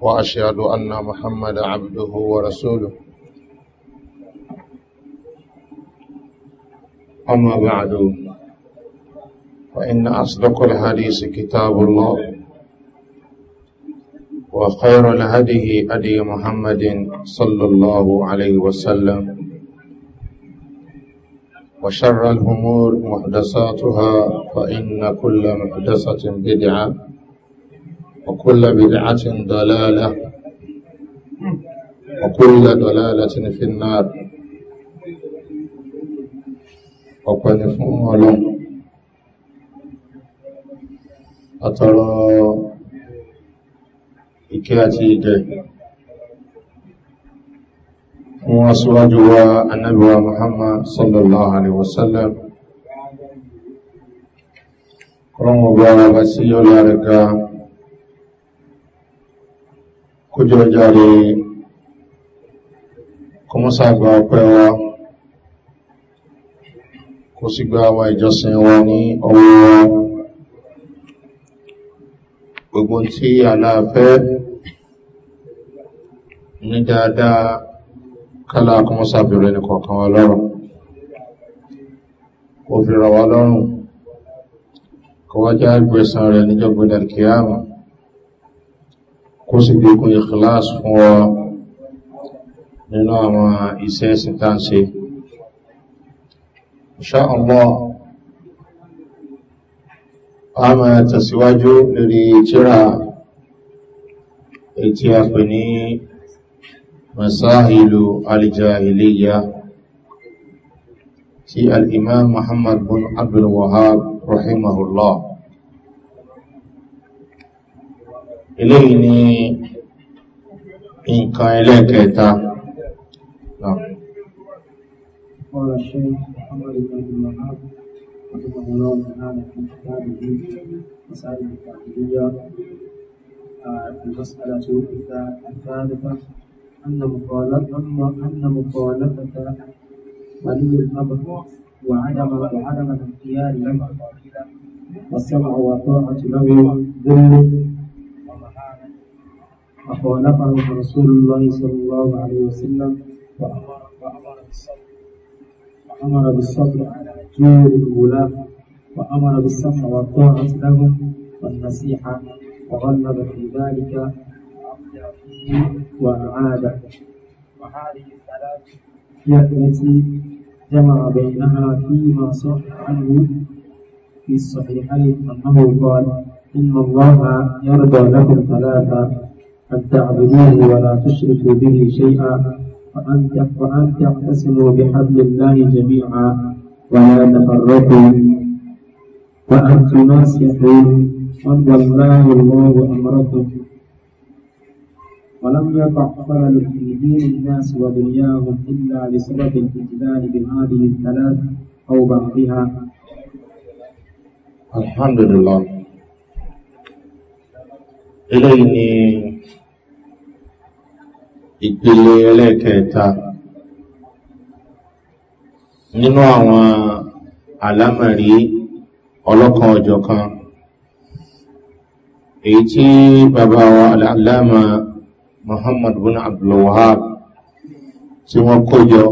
وأشهد أن محمد عبده ورسوله أما بعد فإن أصدق الحديث كتاب الله وخير الهدي هدي محمد صلى الله عليه وسلم وشر الأمور محدثاتها فإن كل محدثة بدعة وكل بدعة ضلالة وكل ضلالة في النار وكل فعل أترى إكاتي إجي وأسواجها النبي محمد صلى الله عليه وسلم رمضان وسيء الأركان kó jẹ́ ọjà rẹ̀ kó mọ́sá gba ọpẹ́ wa kó sì gba àwọn ìjọsìn wa ní ọwọ́ wa gbogbo tí aláàfẹ́ ní dáadáa kálá kó mọ́sá bẹ̀rẹ̀ ní kọ̀ọ̀kan wa lọ́rùn kó fi rọ̀ wa lọ́rùn kọwàjá gbẹ̀sán rẹ̀ níjọ́gbẹ̀dàkìyàmù kó sì dékun ìkìláàsì fún ọ nínú àwọn iṣẹ́ ìsìntà ṣe ṣá ọmọ a máa tẹ̀síwájú lórí tíra ètí a pè ní masáhìlú aljahiliya ti al'imam muhammad bin rahimahullah eléyìí ni nǹkan ẹlẹ́ẹ̀kẹta قال الشيخ محمد بن عبد الوهاب رحمه الله تعالى في كتابه مسألة التعبدية المسألة الثالثة أن مخالفة ولي الأمر وعدم وعدم الاختيار لما قيل والسمع وطاعة له ذل أخوانقه رسول الله صلى الله عليه وسلم وأمر بالصبر وأمر بالصبر على جور الولاة وأمر بالصبر والطاعة لهم والنصيحة وغلب في ذلك وأعاده وهذه الثلاث هي التي جمع بينها فيما صح عنه في الصحيحين أنه قال إن الله يرضى لكم ثلاثة أن تعبدوه ولا تشركوا به شيئا وأن تقتسموا بحبل الله جميعا ولا تفرقوا وأن تناصحوا قد الله الله أمركم ولم يقع خلل في دين الناس ودنياهم إلا بسبب الاجلال بهذه الثلاث أو بعضها الحمد لله eléyìí ni ìpele ẹlẹ́ẹ̀kẹta nínú àwọn àlámàrí ọlọ́kan ọjọ̀kan èyí tí bàbá wa aláàmà muhammad bin abdullahab tí wọ́n kójọ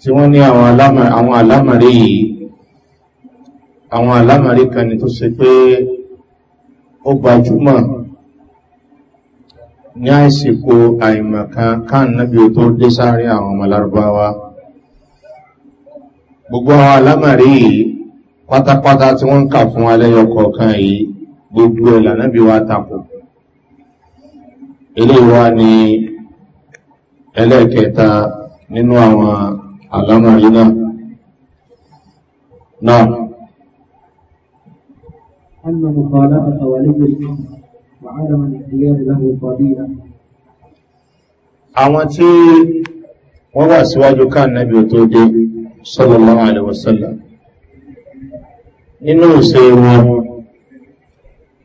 tí wọ́n ní àwọn alámàrí yìí àwọn alámàrí kan ni tó ṣe pé ó gbajúmọ̀ ní àìsìkò àìmọ̀kan káà nábi tó dé sáré àwọn ọmọ lárúbáwá gbogbo àwọn alámàrí yìí pátápátá tí wọ́n ń kà fún alẹ́yọ kọ̀ọ̀kan yìí gbogbo ẹ̀là nábi wá tapò ilé wa ni ẹlẹ́ẹ̀kẹta nínú àwọn alámàrí náà náà أن مخالفة ولي الأمر وعدم الاختيار له فضيلة àwọn tí wọ́n wà síwájú káà nábi ò tó dé sọ́lọ́lọ́wọ́ àlèwọ̀sọ́lá nínú ìṣe wọn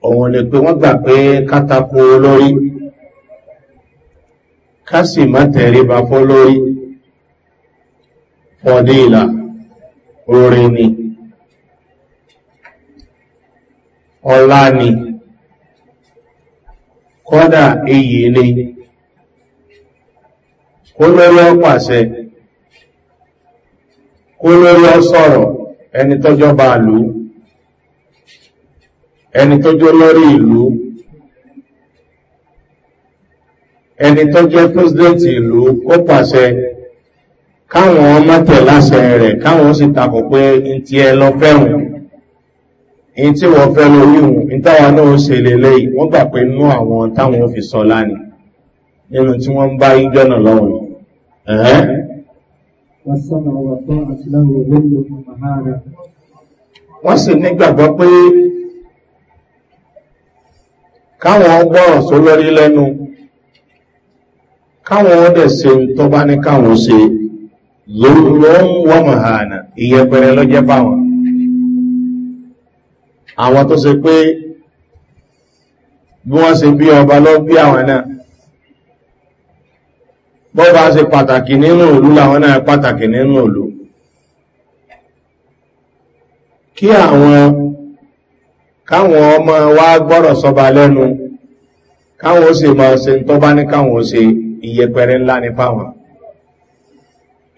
òun lè pé wọ́n gbà pé kátàkù olórí kásì má tẹ̀rí bá fọ́ lórí fọ́dí ìlà orin ni ọlá ni kọ́dà iyì ni kó lórí ọ pàṣẹ kó lórí ọ sọ̀rọ̀ ẹni tọ́jọ́ bá lú ẹni tọ́jọ́ lórí ìlú ẹni tọ́jọ́ president ìlú kó pàṣẹ káwọn ọmọ tẹ̀ lásẹ̀ rẹ̀ káwọn sì takò pé ní tí ẹ lọ fẹ́rùn in tí wọ́n fẹ́ lórí wọn ìtawà náà ṣe lélẹ́ wọ́n gbà pé nú àwọn táwọn fi sọ lánìí nínú tí wọ́n ń bá yíjọ́ náà lọ́wọ́ ẹ̀hẹ́n wọ́n sì nígbàgbọ́ pé káwọn gbọ́rọ̀ tó lórí lẹ́nu káwọn ọdẹ̀ se ń tọ́ bá ní káwọn se lóòrùn wọ́n mọ̀hánà ìyẹ̀pẹ̀rẹ̀ lọ́jẹ́ báwọn àwọn tó se pé bí wọ́n se bí ọba lọ bí àwọn náà bọ́bá se pàtàkì nínú òlú làwọn náà pàtàkì nínú òlú kí àwọn káwọn ọmọ wá gbọ́rọ̀ sọba lẹ́nu káwọn ó sì mọ́ se tó ní káwọn ó se ìyẹpẹrẹ ńlá ní fáwọn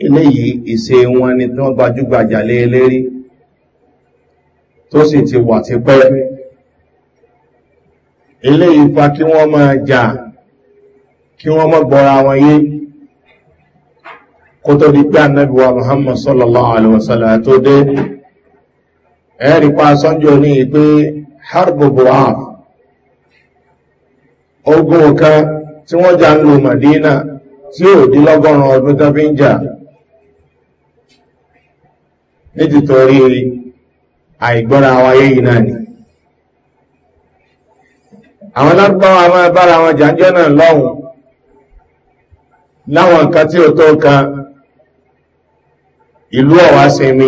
eléyìí ìse wọn ni tí wọ́n gbajúgbajà lé e lérí tó sì ti wà ti pẹ́ ilé ìfà kí wọ́n máa jà kí wọ́n mọ́ gbọ́ra wọn yé kó tó di pé annabiwa muhammad sallallahu alaihi wasallam tó dé ẹ̀rí pa sọ́njọ́ ní pé harboboa ogun kan tí wọ́n jà ń lo madina tí ò dí lọ́gọ́rùn-ún ọdún tó fi ń jà ní títorí àìgbọ́ra àwọn ayé yìí náà ni àwọn lágbọ́wà máa bára wọn jàjọ́ náà lọ́hùn láwọn nǹkan tí ó tó kan ìlú ọ̀wá sinmi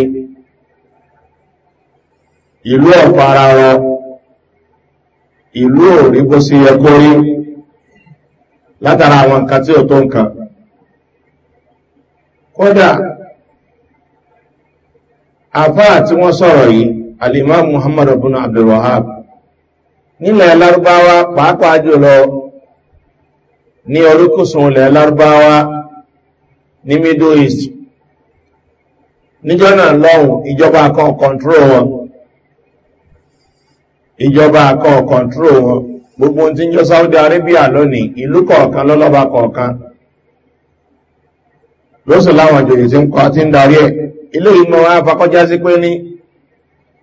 ìlú ọ̀fara rọ ìlú òrí bó sí yẹ rí látara àwọn nǹkan tí ó tó nǹkan kódà àfáà tí wọ́n sọ̀rọ̀ yìí alimá muhammadu bin abdulwahab nílẹ̀ lárúbáwá pàápàá jùlọ ní orúkúsùn ilẹ̀ lárúbáwá ní middle east níjọ́ náà lọ́hùn ìjọba kan kọ̀ntró wọn ìjọba kan kọ̀ntró wọn gbogbo tí ń jọ saudi arabia lónìí ìlú kọ̀ọ̀kan lọ́lọ́ba kọ̀ọ̀kan lóṣù láwọn jòyè tí ń kọ́ tí ń darí ẹ̀ ilé ìmọ̀ afakọ́já sí pé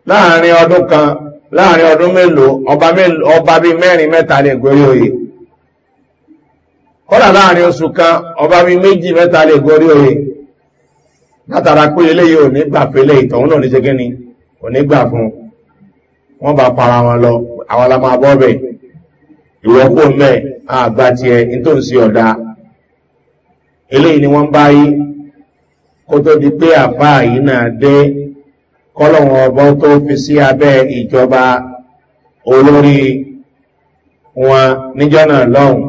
láàrin ọdún kan láàrin ọdún mélòó ọba bí mẹ́rin mẹ́ta lè gorí oyè kọ́lá láàrin oṣù kan ọba bí méjì mẹ́ta lè gorí oyè látara pé eléyìí ò ní gbà pé eléyìí tọ̀hún náà ní ṣe kíni ò ní gbà fún wọn bá para wọn lọ àwọn la máa bọ́ bẹ̀ ìwọ́pò mẹ́ àgbà tiẹ̀ nítòsí ọ̀dà eléyìí ni wọ́n bá yí kó tó di pé àfáà yìí náà dé kọ́lọ̀wọ̀n ọbọ́ tó fi sí abẹ́ ìjọba olórí wọn níjọ́nà lọ́hùn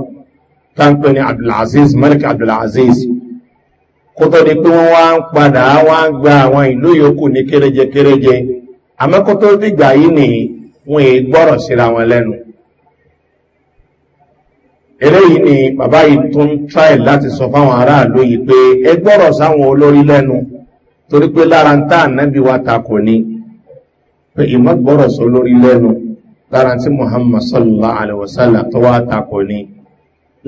tánpẹ́ ní abdulaziz malik abdulaziz kó tó di pé wọ́n wá ń padà wá ń gba àwọn ìlú yòókù ní kéréje kéréje àmọ́ dìgbà yìí ni wọ́n èé gbọ́rọ̀ síra wọn lẹ́nu eléyìí ni bàbá yìí tó ń tráì láti sọ fáwọn aráàlú yìí pé ẹ gbọ́rọ̀ sáwọn olórí lẹ́nu torí pé lára ń tá ànábì wa takò ní pé ìmọ̀ gbọ́rọ̀ sọ lórí lẹ́nu lára tí muhammad sallallahu alaihi wasallam tó wá takò ní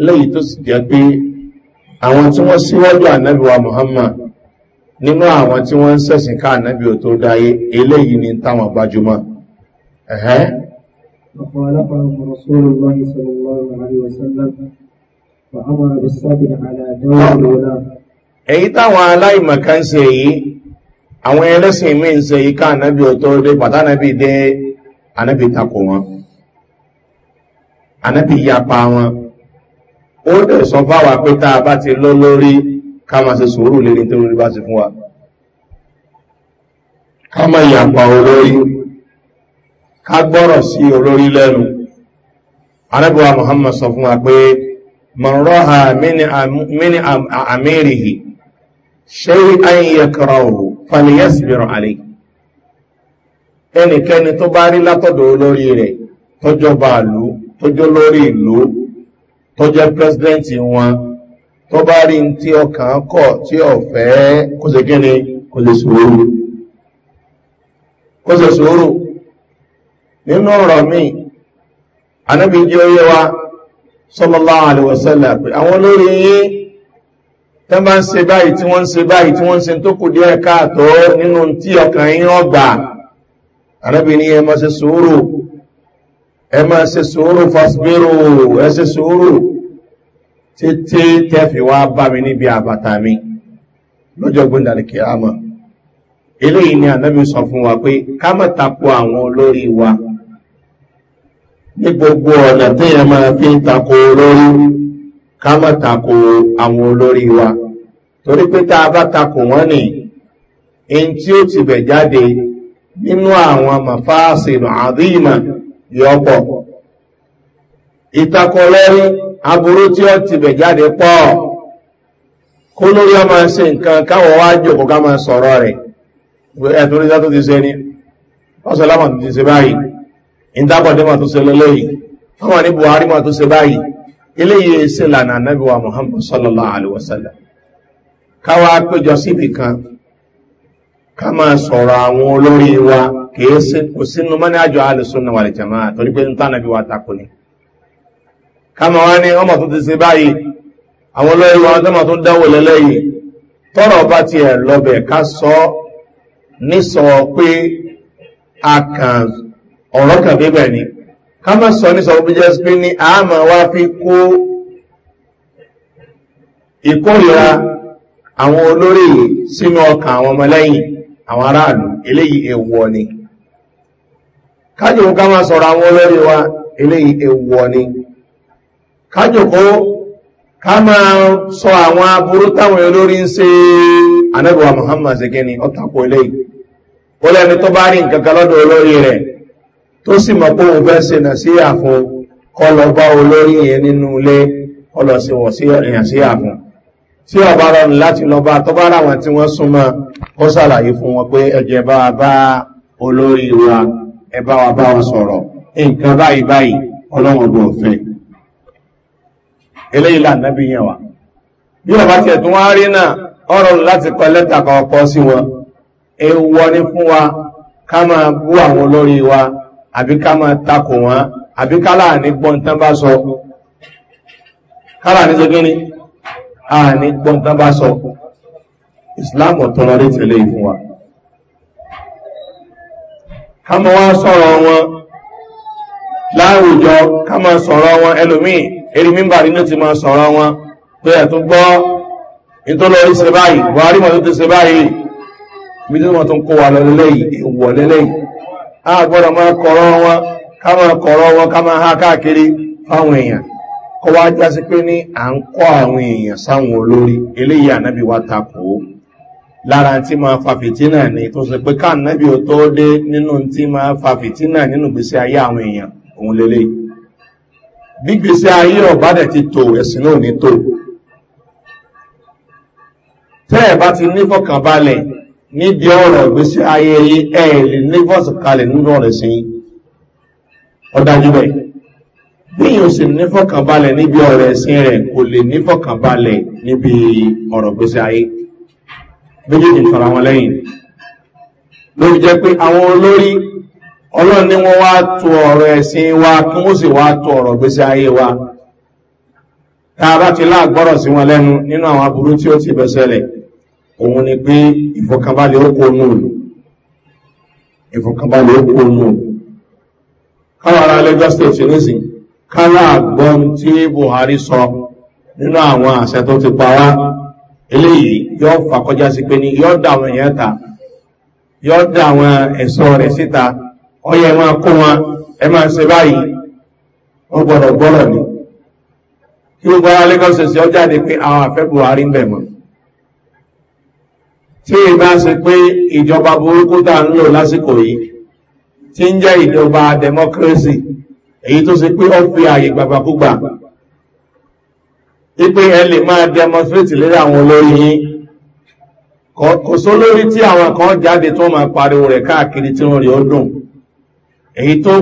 lẹ́yìn tó sì jẹ́ pé àwọn tí wọ́n síwájú ànábì wa muhammad nínú àwọn tí wọ́n ń sẹ̀sìn ká ànábì ò tó dáyé eléyìí ni táwọn gbajúmọ̀ فأمر بالصبر على دور الولاة èyí táwọn aláìmọ̀ká ń se èyí àwọn ẹlẹ́sìn mí ń se ìká ànábì ọ̀tọ́ dé pàtànàbì dé ànábì takò wọn ànábì yapa wọn ó dẹ̀ sọ fáwà pé tá a bá ti lọ lórí ká máa se sòórù lérí tó lórí bá ti fún wa ká máa yapa olórí ká gbọ́rọ̀ sí olórí lẹ́nu wa muhammad sọ fún wa pé mọ̀rọ̀ ha mí ni shay'an yakrahu falyasbir alayh ẹnikẹni tó bá rí látọ̀dọ̀ olórí rẹ̀ bá lú tọ́jọ́ lórí ìlú tọ́jọ́ pẹ́sidẹ́ntì wọn tó bá rí tí ọkàn kọ̀ tí ọ̀fẹ́ kó se gẹ́ni nínú ọ̀rọ̀ mi anábìjẹ́ oyé wa sọ́lọ́lá àlèwọ̀sẹ́lẹ̀ tán bá ń se báyìí tí wọ́n ń se báyìí tí wọ́n ń se tó kù díẹ̀ káàtọ́ nínú tí ọkàn yín ọgbà arábìnrin ẹ máa se sòórò ẹ máa se sòórò fásbérò ẹ se sòórò títí tẹ́fì wá bá mi níbi àbàtà mi lọ́jọ́ gbóndàlẹ̀kẹ́ àmọ́ eléyìí ni ànábì sọ fún wa pé ká má tako àwọn olórí wa ní gbogbo ọ̀nà tí ẹ máa fi ń tako olórí ká má tako àwọn olórí wa torí pé tá a bá tako wọ́n nì in tí ó ti bẹ̀ jáde nínú àwọn mafáàsìnù àdínà yọpọ̀ ìtakọ̀ lórí aburú tí ó ti bẹ̀ jáde pọ̀ kó ló yọ máa ṣe nǹkan káwọ̀ wá jòkó ká máa sọ̀rọ̀ rẹ̀ ẹ̀tún ní ti ṣe ni ọ̀sẹ̀ lámà tó ti ṣe báyìí ìdábọ̀dé mà tó ṣe lọ́lẹ́yìn ọmọ ní buhari mà tó ṣe báyìí eléyìí ṣe lànà anábíwá muhammad sallallahu alaihi wasallam káwa péjọ síbì kan ká máa sọ̀rọ̀ àwọn olórí wa kìí sí kò sínú mọ́ní àjọ alùsùnà wà lè jẹ̀mọ́ àtòrí pé níta nàbí wa takò ní ká máa wá ní ọmọ tó ti ṣe báyìí àwọn olórí wa tó tó dáwò lẹ́lẹ́yìí tọ́rọ̀ bá ti lọ́bẹ̀ ká sọ ní sọ pé a kàn ọ̀rọ̀ kan bíbẹ̀ ni kama má sọ ní sọ̀rọ̀ jẹ́ sí ní àmà wá fi kó ìkórìíra àwọn olórí sínú ọkà àwọn ọmọlẹ́yìn àwọn aráàlú eléyìí ewọ ni kájòkó ká sọ̀rọ̀ àwọn olórí wa eléyìí ewọ ni kájòkó ká sọ àwọn aburú táwọn olórí ń se muhammad sekeni ọ̀tàkù eléyìí ó lẹ́ni tó bá rí nǹkan kan lọ́dọ̀ olórí rẹ̀ tó sì mọ̀ pé òun fẹ́ ṣe nà sí àfún kọ́ lọ bá olórí yẹn nínú ilé ọlọ́sẹ̀wọ̀ sí èèyàn sí àfún tí ọba rọrùn láti lọ bá ráwọn tí wọ́n súnmọ́ ó sàlàyé fún wọn pé ẹjẹ bá wa bá olórí wa ẹ bá wa bá wọn sọ̀rọ̀ nǹkan báyìí báyìí ọlọ́wọ̀n bò fẹ́ eléyìí lànàbí yẹn wà bí ọba tiẹ̀ tó wá rí náà ọrọ̀rùn láti kọ lẹ́tà kan sí wọn èèwọ̀ ni fún wa ká máa bú àwọn olórí wa àbí ká máa takò wọn àbí ká láàrin gbọ́n tán bá sọ ká láàrin sọ kíni ààrin gbọ́n tán bá sọ islam ọ̀tọ́rọ rí tẹ̀lé ìfún wa ká mọ́ wá sọ̀rọ̀ wọn láwùjọ ká mọ́ sọ̀rọ̀ wọn ẹlòmíì èrì mímbà nínú ti mọ́ sọ̀rọ̀ wọn pé ẹ̀tún gbọ́ ìtọ́lọ́rí se báyìí buhari mọ̀ tó ti se báyìí mi tí wọ́n tún kó wa lọ lẹ́lẹ́yìí ìwọ̀ lẹ́lẹ́yìí a gbọ́dọ̀ máa kọ̀rọ̀ wọn ká máa kọ̀rọ̀ wọn ká máa há káàkiri fáwọn èèyàn kọ́ wá jásí pé ní à ń kọ́ àwọn èèyàn sáwọn olórí eléyìí ànábì wa takò ó lára tí máa fa fìtínà ni tó ṣe pé ká ànábì ó tó dé nínú tí máa fa fìtínà nínú gbèsè ayé àwọn èèyàn òun lélẹ́yìí bí gbèsè ayé ọ̀bá ti tò ẹ̀sìn náà ní tò tẹ́ ẹ̀ bá ti ní níbi ọ̀rọ̀ ìgbésí ayé yí ẹ̀ẹ̀lì nífọ́sì kalẹ̀ nínú ọ̀rẹ̀ sí ọdájú bẹ̀. bí yíò sì nífọ́kànbalẹ̀ níbi ọ̀rẹ̀ sí rẹ̀ kò lè nífọ́kànbalẹ̀ níbi ọ̀rọ̀ ìgbésí ayé méjèèjì fara wọn lẹ́yìn ló jẹ́ pé àwọn olórí ọlọ́run ni wọ́n wá tu ọ̀rọ̀ ẹ̀sìn wa kí wọ́n sì wá tu ọ̀rọ̀ ìgbésí ayé wa tá a bá ti láàgbọ́rọ̀ sí wọn lẹ́nu nínú àwọn aburú tí ó ti bẹ̀ sẹ́lẹ̀ òun ni pé ìfọ̀kànbalẹ̀ ó kó nùlù ìfọ̀kànbalẹ̀ ó kó nùlù káwàrá lagos state nísìn kára àgbọn tí buhari sọ nínú àwọn àṣẹ tó ti pa wá eléyìí yóò fàkọjá sí pé ní yóò dá àwọn èèyàn ta yóò dá àwọn ẹ̀sọ́ rẹ̀ síta ọyẹ máa kó wọn ẹ máa ṣe báyìí ni tí ìbá ṣe pé ìjọba burúkú tà ń lò lásìkò yìí tí ń jẹ́ ìjọba democracy èyí tó ṣe pé ó fi ààyè gbàgbàkúgbà wípé ẹ lè máa demonstrate lérí àwọn olórí yín kò sólórí tí àwọn kan jáde tó máa pariwo rẹ̀ káàkiri tí wọ́n rí ó dùn èyí tó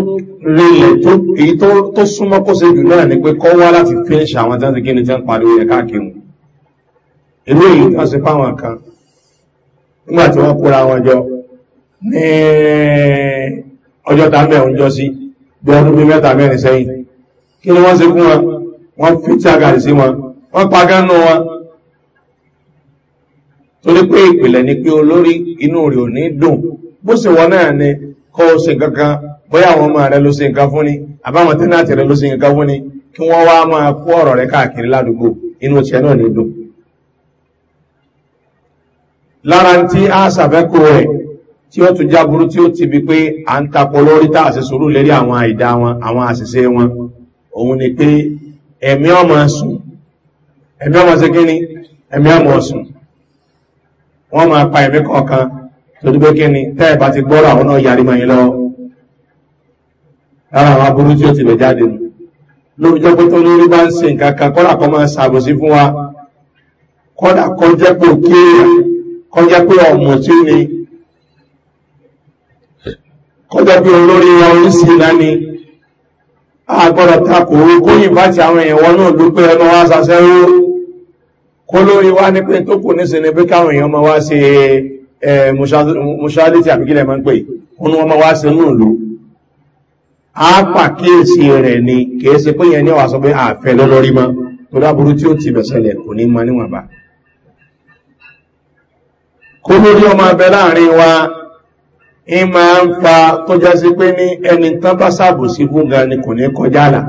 súnmọ́ kó ṣe jù náà ni pé kọ́ wá láti finish àwọn tí wọ́n ti kí ni tí wọ́n pariwo rẹ̀ káàkiri irú èyí tó ṣe fáwọn kan nígbà tí wọ́n kóra wọn jọ ní ọjọ́ tàbí ẹ̀hùn jọ sí bí ọdún bí mẹ́ta mẹ́rin sẹ́yìn kí ni wọ́n se fún wọn wọ́n fi tí àgàrí sí wọn wọ́n pa gánú wọn torí pé ìpìlẹ̀ ní pé olórí inú rẹ̀ ò ní dùn bó sì wọ́n náà ni kọ́ ó se kankan bóyá àwọn ọmọ rẹ̀ ló se nǹkan fún ni àbáwọn lára tí a sàfẹ́kù rẹ̀ tí ó tún jáburú tí ó ti bí pé a ń tapọ̀ lórí tá àṣẹ sòrò lérí àwọn àìdá wọn àwọn àṣìṣe wọn òun ni pé ẹ̀mí ọmọ sùn ẹ̀mí ọmọ sí kíní ẹ̀mí ọmọ sùn wọ́n máa pa ẹ̀mí kọ̀ọ̀kan tó dúpé kíní tẹ́ẹ̀bá ti gbọ́rọ̀ àwọn náà yarí mọ́ lọ lára àwọn aburú tí ó ti lè jáde mu lórí jẹ́ pé tó lórí bá ń se nǹkan kan kọ́dà kan máa ṣàbòsí fún wa kọ́dà kan jẹ́ pé òkè èèyàn kọjá pé ọmọ tí ó ní kọjá pé olórí ọrún sí lẹ́ni àgbọ́dọ̀ takò kóyìn bá ti àwọn èèyàn wọnú ìlú pé ẹnu wá sasẹ́ rú kó lórí wá ní pé tó kù nísìn ní pé káwọn èèyàn ma wá sí mùsàlítì àbíkílẹ̀ mọ́ pé òun wọn ma wá sí inú ìlú a pàkíyèsí rẹ̀ ni kìí se pé yẹn ní ọ̀wà sọ pé àfẹ́ lọ́lọ́rí mọ́ tó dáburú tí ó ti bẹ̀sẹ̀lẹ̀ kò ní mọ́ níwọ̀nba kó lórí ọmọ abẹ láàrin wa in máa ń fa tó jásí pé ní ẹni tán bá sàbò sí fúnga ni kò ní kọjá là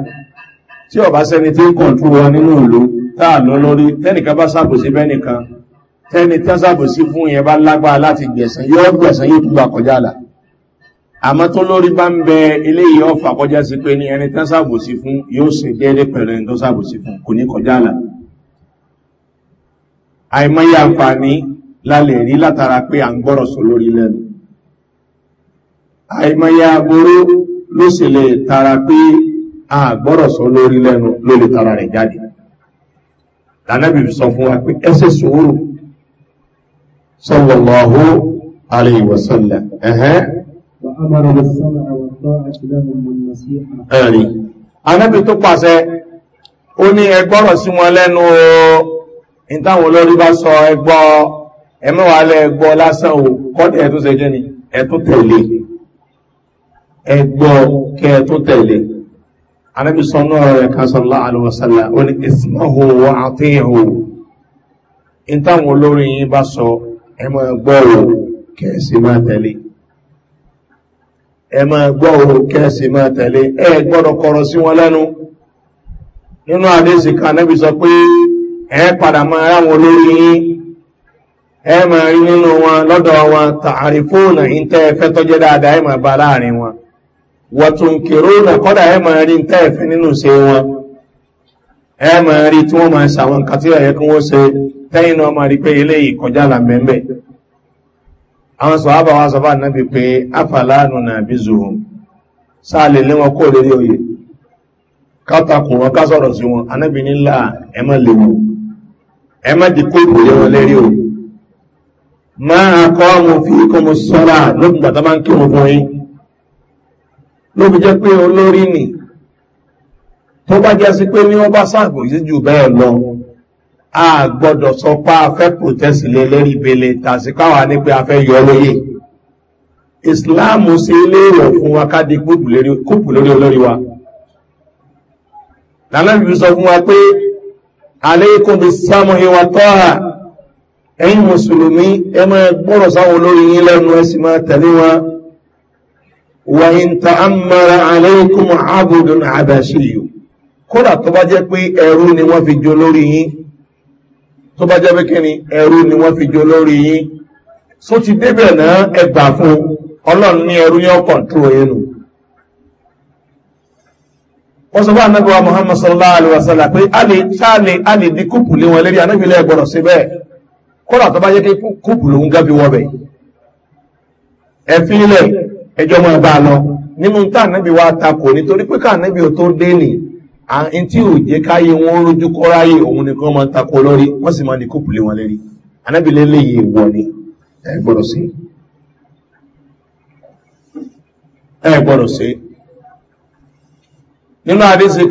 tí ọ̀bá sẹni tí ń kọ̀ntú wa nínú ìlú táà lọ lórí tẹ́nìkan bá sàbò sí bẹ́nìkan tẹ́ni tán sàbò sí fún yẹn bá lágbára láti gbẹ̀sán yóò gbẹ̀sán yóò túgbà kọjá là àmọ́ tó lórí bá ń bẹ eléyìí ọ̀fà kọjá sí pé ní ẹni tán sàbò sí fún yóò ṣe déédéé pẹ̀lú ẹni tó sàbò sí fún kò ní kọjá là àìmọye àǹfààní lálẹ̀ rí látara pé à ń gbọ́rọ̀ sọ lórí lẹ́nu àìmọ̀yà agbóró ló sì lè tara pé a gbọ́rọ̀ sọ lórí lẹ́nu ló lè tara rẹ̀ jáde lànàbì sọ fún wa pé ẹsẹ̀ sòwúrò sọlọ̀lọ́hó alẹ́ ìwọ̀sánlẹ̀ ẹ̀hẹ́ ẹ̀rìn anábì tó pàṣẹ ó ní ẹgbọ́rọ̀ sí wọn lẹ́nu ìtàwọn olórí bá sọ ẹgbọ́ ẹmọ́ wa lẹ gbọ́ lásán o kọ́dẹ̀ ẹ̀ ṣe jẹ́ ni ẹ̀ tẹ̀lé ẹ kẹ́ ẹ tẹ̀lé anábì sọnù rẹ̀ kan sọ̀rọ̀ ó ní ìsìnmáhò àtẹ̀hò ní sọ o máa tẹ̀lé o máa tẹ̀lé ẹ gbọ́dọ̀ kọ̀rọ̀ sí wọn lẹ́nu nínú àdéhùn kan sọ pé ẹ padà máa ẹ ma rí nínú wọn lọ́dọ̀ wọn tààrí fóònù ìntẹ́ ẹ̀fẹ́ tọ́jẹ́ dáadáa ẹ ma bá láàrin wọn kèrò kọ́dà ẹ ma rí ìntẹ́ ẹ̀fẹ́ nínú ṣe wọn ẹ ma rí tí wọ́n ma ṣàwọn nǹkan tí kí wọ́n ṣe tẹ́yìn náà ma rí pé eléyìí àwọn sọ àbá wa sọ fún ànábì pé afàlánù nà bí zuhùn sáà lé wọn kó lórí oyè kátakùn wọn ká sọ̀rọ̀ sí wọn nílà ẹ má léwu ẹ má wọn lérí oyè máa kọ́ ọmọ fi kọmọ sọ́ra lókùn gbàtà máa ń kí wọn fún yín ló fi jẹ́ pé olórí nì tó bá jẹ́ sí pé ní wọ́n bá sáàbò sí jù bẹ́ẹ̀ lọ a gbọ́dọ̀ sọ pé a fẹ́ lé lérí bele tàṣí káwa ní pé a yọ lóye ìsìláàmù sí ilé ìwọ̀ fún wa ká di kúpù lórí olórí wa lànà ìfi sọ fún wa pé alẹ́ bí sámúhìn wa tọ́ ẹ̀yin mùsùlùmí ẹ máa gbọ́rọ̀ sáwọn olórí yín lẹ́nu ẹ̀sì máa tẹ̀lé wọn wà ń ta àmàrà àlẹ́kùn àbùdùn àbàṣì yìí kódà tó bá jẹ́ pé ẹ̀rú ni wọ́n fi lórí yìí tó bá ni ẹ̀rú ni wọ́n fi lórí yìí só ti débẹ̀ náà ẹgbà fún ọlọ́run ní ẹ̀rú yẹn ẹnu wọ́n sọ fún anábíwá sallallahu pé a lè dín kúpù lé wọn lérí anábìlẹ̀ gbọ́dọ̀ kọ́lá tó bá jẹ́ kúùpù lòun gẹ́bí wọ́bẹ̀ ẹ̀fin ilẹ̀ ẹjọ́ mọ́ ẹ̀bá lọ nínú táà níbi wa takò nítorí pé káà níbi ò tó dé nì àyín tí ò jẹ́ káyé wọn rójú kọ́ráyé òun nìkan máa takò lórí wọ́n sì máa ní kúùpù lé wọn lérí anábì lélẹ́yìí ni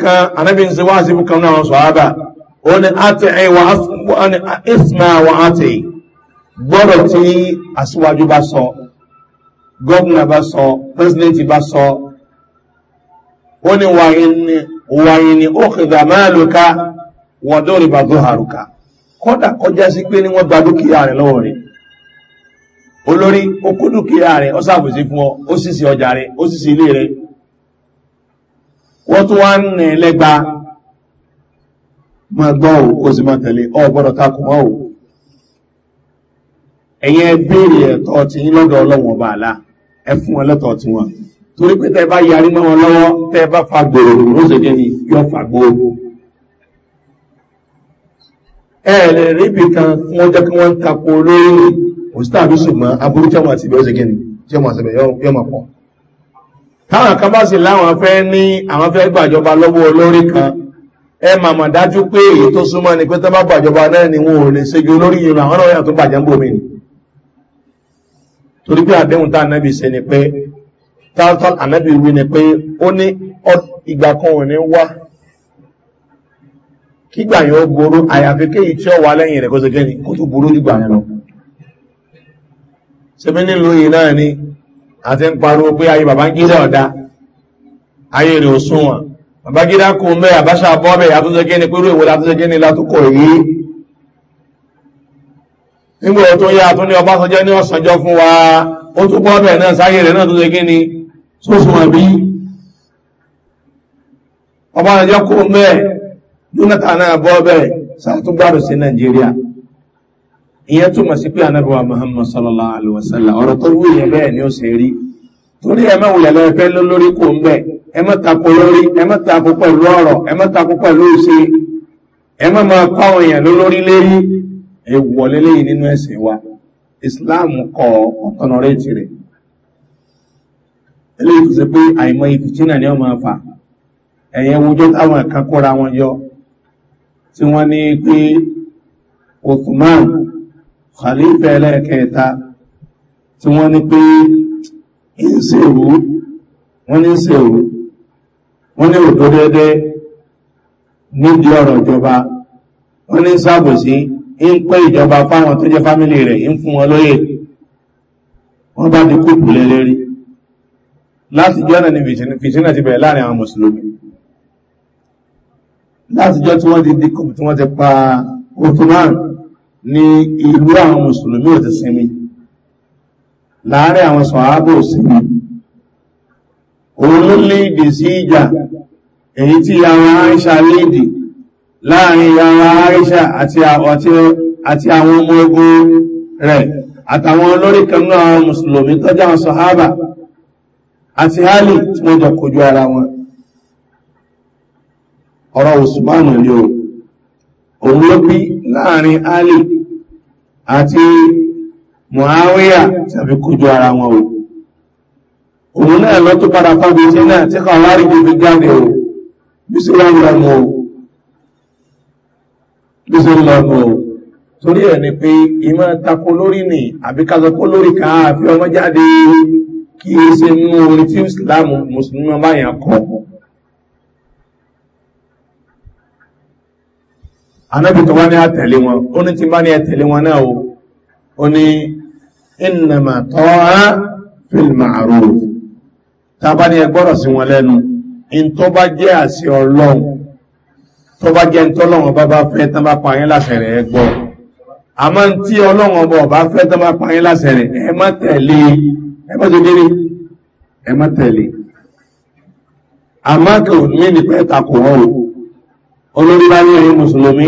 kan anábì ń fún kan náà òní àtẹ̀ẹ́ wà ní ìsìnmá wà àtẹ̀ẹ́ gbọ́dọ̀ tí aṣíwájú ba sọ gọ́ọ̀nà ba sọ pẹ́sidẹ́ntì ba sọ ni ó kìdà máa lò ká wọ̀dọ́rì kọjá sí pé ni wọ́n gba dúkìá rẹ̀ lọ́wọ́ rẹ̀ olórí ó kó dúkìá rẹ̀ ó fún ọ ó sì máa gbọ́ ò ó sì máa tẹ̀lé ọ gbọ́dọ̀ takò mọ́ ò ẹ̀yẹn béèrè ẹ̀tọ́ ti yín lọ́dọ̀ ọlọ́wọ̀n bá àlá ẹ fún wọn lẹ́tọ̀ tí wọn torí pé tẹ́ bá yarí mọ́ wọn lọ́wọ́ tẹ́ bá fa gbòòrò ó sì dé ní yọ fa gbòòrò ẹ lè ríbi kan wọ́n jẹ́ kí wọ́n takò olóyìn òsítà àbí ṣùgbọ́n aburú tí wọ́n àti ìbẹ̀ ó sì gẹ́ni tí wọ́n ẹ màmà dájú pé èyí tó súnmọ́ ni pé tó bá gbàjọba náà ni wọn ò lè ṣe ju olórí yìí àwọn náà tó gbàjẹ́ ń bò mí ni torí pé àdéhùn tá ànábì ṣe ni pé tààtà ànábì wí ni pé ó ní ìgbà kan ò ní wá kígbà yẹn ó ború àyàfi kéyìí tí ó wà lẹ́yìn rẹ̀ kó ṣe kéyìí kó tún ború jùgbà yẹn lọ ṣebí nílùú yìí náà ni àti ń pariwo pé ayé bàbá ń gílẹ̀ ọ̀dá ayé rẹ̀ ò súnwọ̀n àbágídá kò mẹ́ àbáṣà bọ́bẹ̀ àtúnṣe gẹ́ni pẹ̀lú ìwòdá àtúnṣe gẹ́ni látúkọ̀ èyí nígbò tó yá tó ní ọbásanjọ́ ní ọ̀sànjọ́ fún wa ó tó bọ́bẹ̀ náà sáyé rẹ̀ náà tó ṣe gẹ́ni sóṣùwọ̀n bí ọbásanjọ́ kò mẹ́ jónátà náà bọ́bẹ̀ sàtúgbàrù sí nàìjíríà ìyẹn túmọ̀ sí pé anábíwá muhammad sallallahu alaihi wasallam ọ̀rọ̀ tó wúyẹ bẹ́ẹ̀ ni ó ṣe rí torí ẹ mọ̀ wùlẹ̀ lọ́wọ́ fẹ́ lórí kò ń bẹ̀ ẹ mọ̀ tako lórí ẹ mọ̀ tako pẹ̀lú ọ̀rọ̀ ẹ mọ̀ tako pẹ̀lú ìṣe ẹ mọ̀ máa kọ́ àwọn èèyàn lórí lérí èwọ̀ lélẹ́yìn nínú ẹ̀sìn wa islam kọ ọ̀tọ̀nà rẹ̀ tirẹ̀ eléyìí kò sí pé àìmọ̀ ìfìtínà ni wọ́n máa fà ẹ̀yẹn wujọ́ táwọn ẹ̀ka kóra wọn yọ tí wọ́n ní pé othman khalifa ẹlẹ́ẹ̀kẹta tí wọ́n ní pé ń sí ìwú wọ́n ní sí ìwú wọ́n ní òtó dédé nídìí ọ̀rọ̀ ìjọba wọ́n ní sábòsí ń pẹ́ ìjọba fáwọn tó jẹ́ fámílì rẹ̀ ń fún wọn lóyè wọ́n bá di láti jọ́ ti bẹ̀rẹ̀ láàrin àwọn mùsùlùmí láti tí wọ́n ti di tí wọ́n ti pa ní ìlú àwọn mùsùlùmí ò ti sinmi láàrin àwọn sọ̀hábò sí ni òun ló léèdè sí ìjà èyí tí àwọn aríṣà léèdè láàrin àwọn aríṣà àti àwọn ọmọ ogun rẹ̀ àtàwọn olórí kanú àwọn mùsùlùmí tọ́jú àwọn sọ̀hábà àti hálì tí wọ́n jọ kojú ara wọn ọ̀rọ̀ òsùmánù ni òun ló bí láàrin hálì àti Mùháwíyà tàbí kójú ara wọn o. Òun náà lọ tó padà fábí tí náà tí kan wárí gbogbo jáde o. Bí sí o. Bí sí o. Torí ẹ̀ ni pé ìmọ̀ tako lórí nì àbí kazọ kó lórí ká àfi ọmọ jáde kí e ṣe mú orin tí Ìsìlámù Mùsùlùmí ọba yẹn kọ̀. Anábìtọ̀ wá ní àtẹ̀lé wọn, ó ní ti bá ní ẹ̀tẹ̀lé wọn náà o. Ó ní ìnàmà tọ́wá fílmà àrùn tàbá ní ẹgbọ́rọ̀ sí wọn lẹ́nu in tó bá jẹ́ àṣì ọlọ́run tó bá jẹ́ tọ́lọ́run ọba bá fẹ́ tán bá pààyín láṣẹ̀rẹ̀ ẹgbọ́ àmọ́ tí ọlọ́run ọba ọba fẹ́ tán bá pààyín láṣẹ̀rẹ̀ ẹ má tẹ̀lé ẹ má tó kéré ẹ má tẹ̀lé àmọ́ kò ní nípa ẹ̀ta kò wọ́n o olórí bá ní ẹ̀yin mùsùlùmí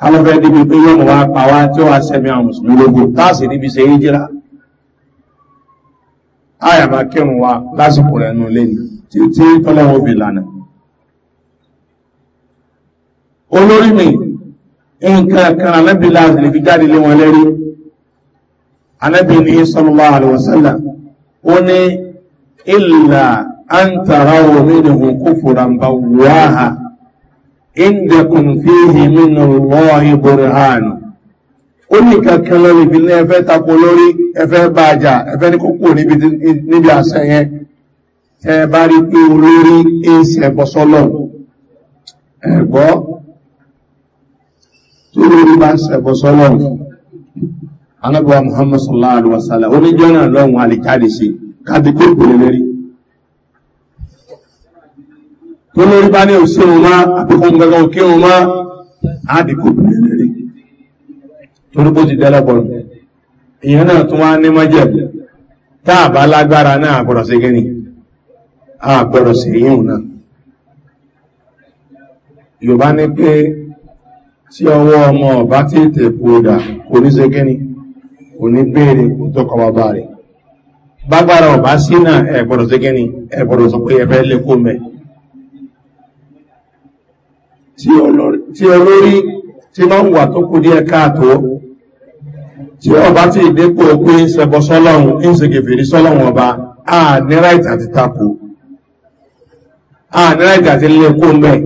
káwọn fẹ́ débi pé yóò mọ̀ wá pa wá tí ó wá sẹ́mi àwọn mùsùlùmí lógún táàsì níbi ṣe é jíra àyàmà kírun wa lásìkò rẹ̀ nù lẹ́nu títí tọ́lọ́wọ́ fi lànà olórí mi nǹkan kan anábì láti lè fi jáde lé wọn lẹ́rí anábì ní sọlọ́lá àlùwọ̀sálà ó ní ìlà àǹtàrà omi nìhùn kó fòràǹbà wàhà ìndẹ̀kùn fi hì mínú wọ́n burhanu ó ní kankan lórí ibi ní ẹfẹ́ tako lórí ẹfẹ́ bá jà ẹfẹ́ ní kókò níbi àṣẹ yẹn tẹ bá rí pé olórí èsì ẹ̀bọ̀sọ́lọ̀ ẹ̀gbọ́ tó lórí bá ń sẹ̀bọ̀sọ́lọ̀ anábọ̀ muhammad sallallahu alaihi wasallam oníjọ́ náà lọ́wọ́n alìkáàdì sí kádìkò lérí tó lórí bá ní òsí wọn má àbíkún gẹ́gẹ́ òkí wọn má àdìkò bìrì rí torí bó ti dẹ́lẹ́bọ̀rù èèyàn náà tún wá ní mọ́jẹ̀bù tá a bá lágbára náà àgbọ̀rọ̀ sí gẹ́ni àgbọ̀rọ̀ sí yíhùn náà yorùbá ní pé tí ọwọ́ ọmọ ọ̀bá tí ètè kúròdà kò ní sí gẹ́ni kò ní béèrè kò tó kọ́ bàbá rẹ̀ bágbára ọ̀bá sí náà ẹ̀gbọ̀rọ̀ sí gẹ́ni ẹ̀gbọ̀rọ̀ sọ pé ẹ̀fẹ́ lè kó mẹ́ẹ̀ tí olórí tí máa ń wà tó kú díẹ̀ káàtó tí ọba tí ìdépò pé ń sẹbọ sọ́lọ́run ń se gèfèrí sọ́lọ́run ọba a ní ráìtì àti tako a ní ráìtì àti lè kó mẹ́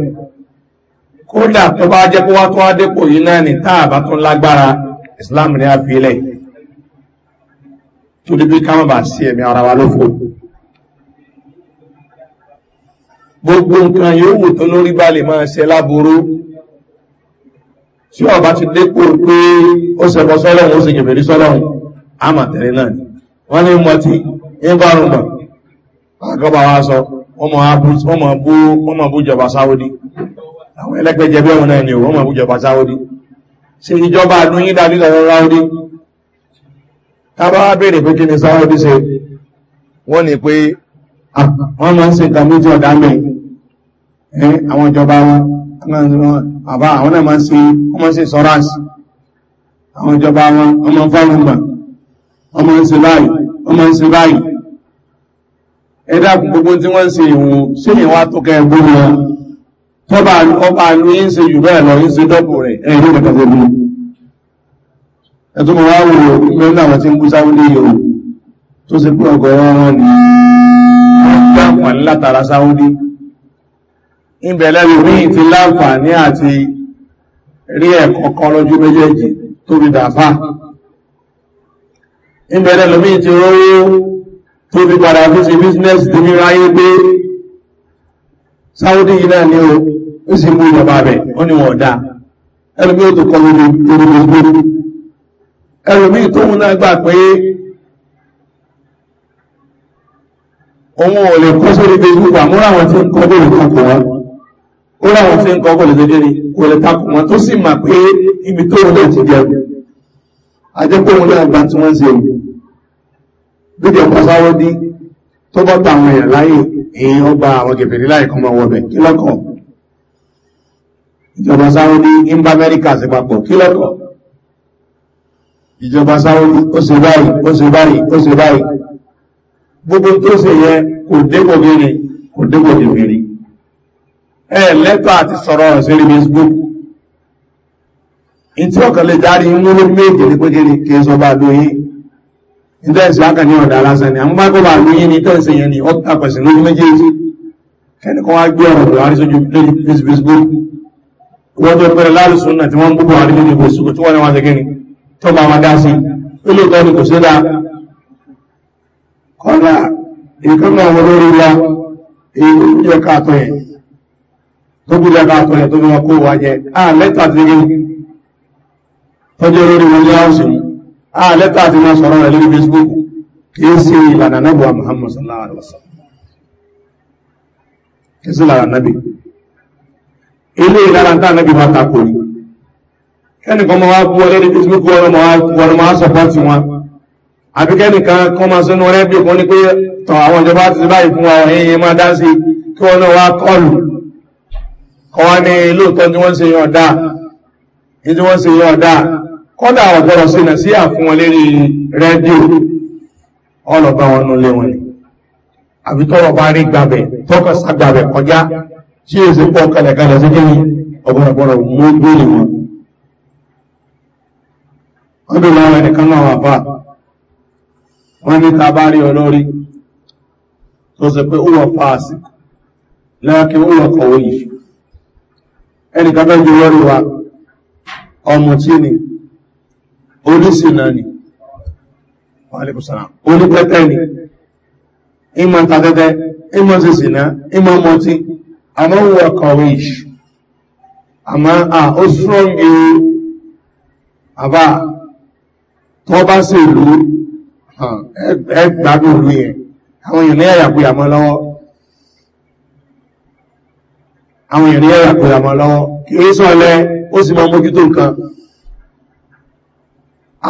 kódà tó bá jẹ́ kó wá tó wá dépò yìí náà ní táàbá tó lágbára islam ní àfilẹ̀ torí bí ká má sí ẹ̀mí ara wa lófo gbogbo nǹkan yóò wù tó lórí bá lè máa ṣe láboró tí ọba ti dépò pé ó ṣẹbọ sọ́lọ́hun ó sì yẹ̀bẹ̀rí sọ́lọ́hun a mà tẹ̀lé náà ni wọ́n ní mọ́ tí ń bá rùn bọ̀ àgọ́bà wa sọ wọ́n mọ̀ bú jọba sáwọ́dí àwọn ẹlẹ́gbẹ̀jẹ̀ bí ọ̀hún náà ni wọ́n mọ̀ bú jọba sáwọ́dí ṣe ìjọba àdúyín dàbí lọ́rọ̀ ráwọ́dí ká àwọn ìjọba wọn àbá àwọn náà máa ń se ọmọ àwọn ìjọba wọn ọmọ fọ́rùn gbà ọmọ ń báyìí ọmọ ń báyìí ẹ̀dá gbogbo tí wọ́n se ìwò sí ìwà tó kẹ gbogbo wọn ọba ní bẹ́ẹ̀ lọ rẹ̀ ẹ̀yìn ìbẹ̀lẹ̀ rí ti láǹfààní àti rí ẹ̀kọ́ kan lójú méjèèjì tó rí dàfà ìbẹ̀lẹ̀ lómi ti rówó tó fi padà tó sí business tó ní ráyé pé sáwọ́dí yìí náà ni ó sì mú ìjọba rẹ̀ ó ní wọ̀n dáa ẹlùmí ó tó kọ́ lórí gbogbo ẹlùmí tóhun náà gbà pé òun ò lè kó sórí facebook àmúra àwọn tí ń kọ́ lórí kọkọ wọn ó ráwọn tí ń kọ́ kò lè ṣe kéde kò lè takò wọn tó sì mà pé ibi tó wọlé ti jẹ ajẹ́pọ̀wọ́n náà gba tí wọ́n ṣe o bídí ọkọ̀ sáwọ́ dí tó bọ́ ta àwọn èèyàn láyè èèyàn gba àwọn gẹ̀fẹ̀rí láyè kan máa wọ̀bẹ̀ kí lọ́kọ̀ ìjọba sáwọ́ dí imba amẹ́ríkà sí papọ̀ kí lọ́kọ̀ ìjọba sáwọ́ dí ó ṣe báyìí ó ṣe báyìí ó ṣe báyìí gbogbo tó ṣe yẹ kò dé kò kò dé kò ẹ lẹ́tọ̀ àti sọ̀rọ̀ sórí Facebook in tí ọ̀kan lè dárí inú ló méje ní péjì ní kí sọ bá lóyìn ìtẹ́sì wákàní ọ̀dà lásán ni àwọn gbákọ́ bá ní yẹn ni ọ̀tà pẹ̀sì lójú méjèèjì ẹni kan wá gbé ọ̀rọ̀ buhari sójú lórí Facebook wọ́n tó pẹ̀rẹ̀ lálùsùn náà tí wọ́n ń gbogbo àrí lórí Facebook tí wọ́n ni wọ́n ti tó tó bí lẹ́bàá tó yẹ tó mọ́ kó wà jẹ ààlẹ́ta ti rí tọ́jú olórí wọn yá òsìn ààlẹ́ta ti mọ́ sọ̀rọ̀ rẹ̀ lórí facebook é sí ìlànà náà muhammad sallallahu alaihi wasallam kìí sí ìlànà náà ilé ìlànà tá náà bí wá tako ni kẹ́nìkan mọ́ wá bú ọ lórí facebook wọn mọ́ wá sọpọ́tì wọn àbí kẹ́nìkan kan máa sínú rẹ́bì kan ní pé tọ̀ àwọn ìjọba ti báyìí fún wa ẹ̀yìn máa dá sí kí wọn náà wá kọlù kọwa ní lóòtọ́ tí wọ́n se yọ ọ̀dá ìdí wọ́n se yọ ọ̀dá kọ́dà ọ̀gbọ́rọ̀ sí nà sí àfún wọn lérí rẹ́díò ọlọ́bá wọn wọn ni àbí bá rí gbàbẹ̀ tọ́kọ̀ sàgbàbẹ̀ kọjá tí èsì pọ̀ kalẹ̀kalẹ̀ sí kíni ọ̀gbọ̀rọ̀gbọ̀rọ̀ mú wọn wọ́n bí lọ́wọ́ ẹnìkan náà wà bá wọ́n ní ta bá rí tó pé ó wọ̀ fáàsì lẹ́yìn kí ó wọ̀ kọ̀wé yìí ẹnìkan tó jẹ́ lórí wa ọmọ tí ni onísìnà ni onípẹ́tẹ́ ni ìmọ̀ tàtẹ́tẹ́ ìmọ̀ sísìnà ìmọ̀ mọ́tí àmọ́ wọ́n kọ̀wé ìṣù àmọ́ à ó strong a àbá tó bá sì lú ẹgbàgbò lú yẹn àwọn èèyàn ní ẹ̀yà kúyàmọ́ lọ́wọ́ àwọn ìrí ẹ̀yà kò yàmà lọ́wọ́ kí orí sọ ọlẹ́ ó sì máa mójútó nǹkan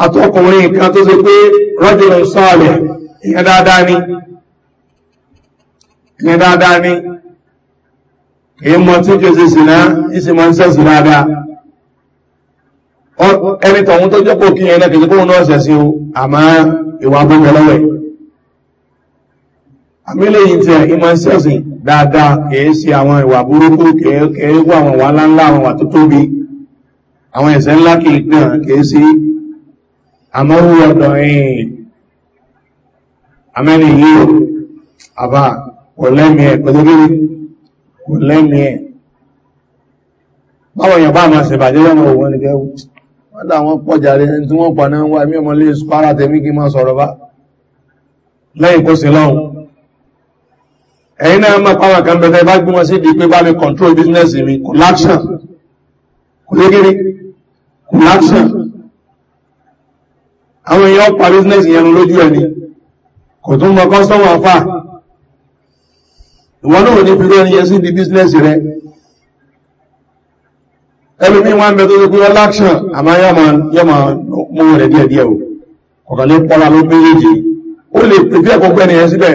àtọkùnrin nǹkan tó ṣe pé rọ́jìnà sọ́ọ̀lẹ̀ ìyẹn dáadáa ni ìyẹn dáadáa ni èyí mọ̀ tí kí o sì sìnà ìsì máa ń sẹ́sì dáadáa ẹni tọ̀hún tó jẹ́ àmìlẹ́yìn tí ìmọ̀ sẹ́sìn dáadáa kìí sí àwọn ìwà burúkú kìí wà àwọn wà láńlá àwọn wà tó tóbi àwọn ẹ̀sẹ̀ ńlá kìí náà kìí sí àmọ́rú ọ̀dọ̀ ẹ̀yìn àmẹ́ni yíò àbá kò lẹ́mí ẹ̀ pẹ̀lúgbìrì kò lẹ́mí ẹ̀ báwọn èèyàn bá àmà ṣèbàjẹ́ lọ́nà òun ni gẹ́wù wọ́n dà wọ́n pọ̀ jàre ẹni tí wọ́n pọ̀ náà wá ẹ̀mí ọmọ lè sọ ara tẹ̀mí kí máa sọ̀rọ̀ bá lẹ́yìn kó ẹ̀yìn náà mọ́ pàwọn kan bẹ̀rẹ̀ bá gbọ́n sí ibi pé bá mi control business mi kò láṣàn kò lé kéré kò láṣàn àwọn èèyàn pa business yẹn lójú ẹni kò tún mọ customer fà ìwọ náà ní fi lórí yẹn sí ibi business rẹ ẹlòmí wọn bẹ tó tó pé wọn láṣàn àmọ́ yọmọ mú rẹ díẹ̀díẹ̀ o kọ̀kan lè pọ́ra ló méjèèjì ó lè pèpè ẹ̀kọ́ gbẹ́ni yẹn síbẹ̀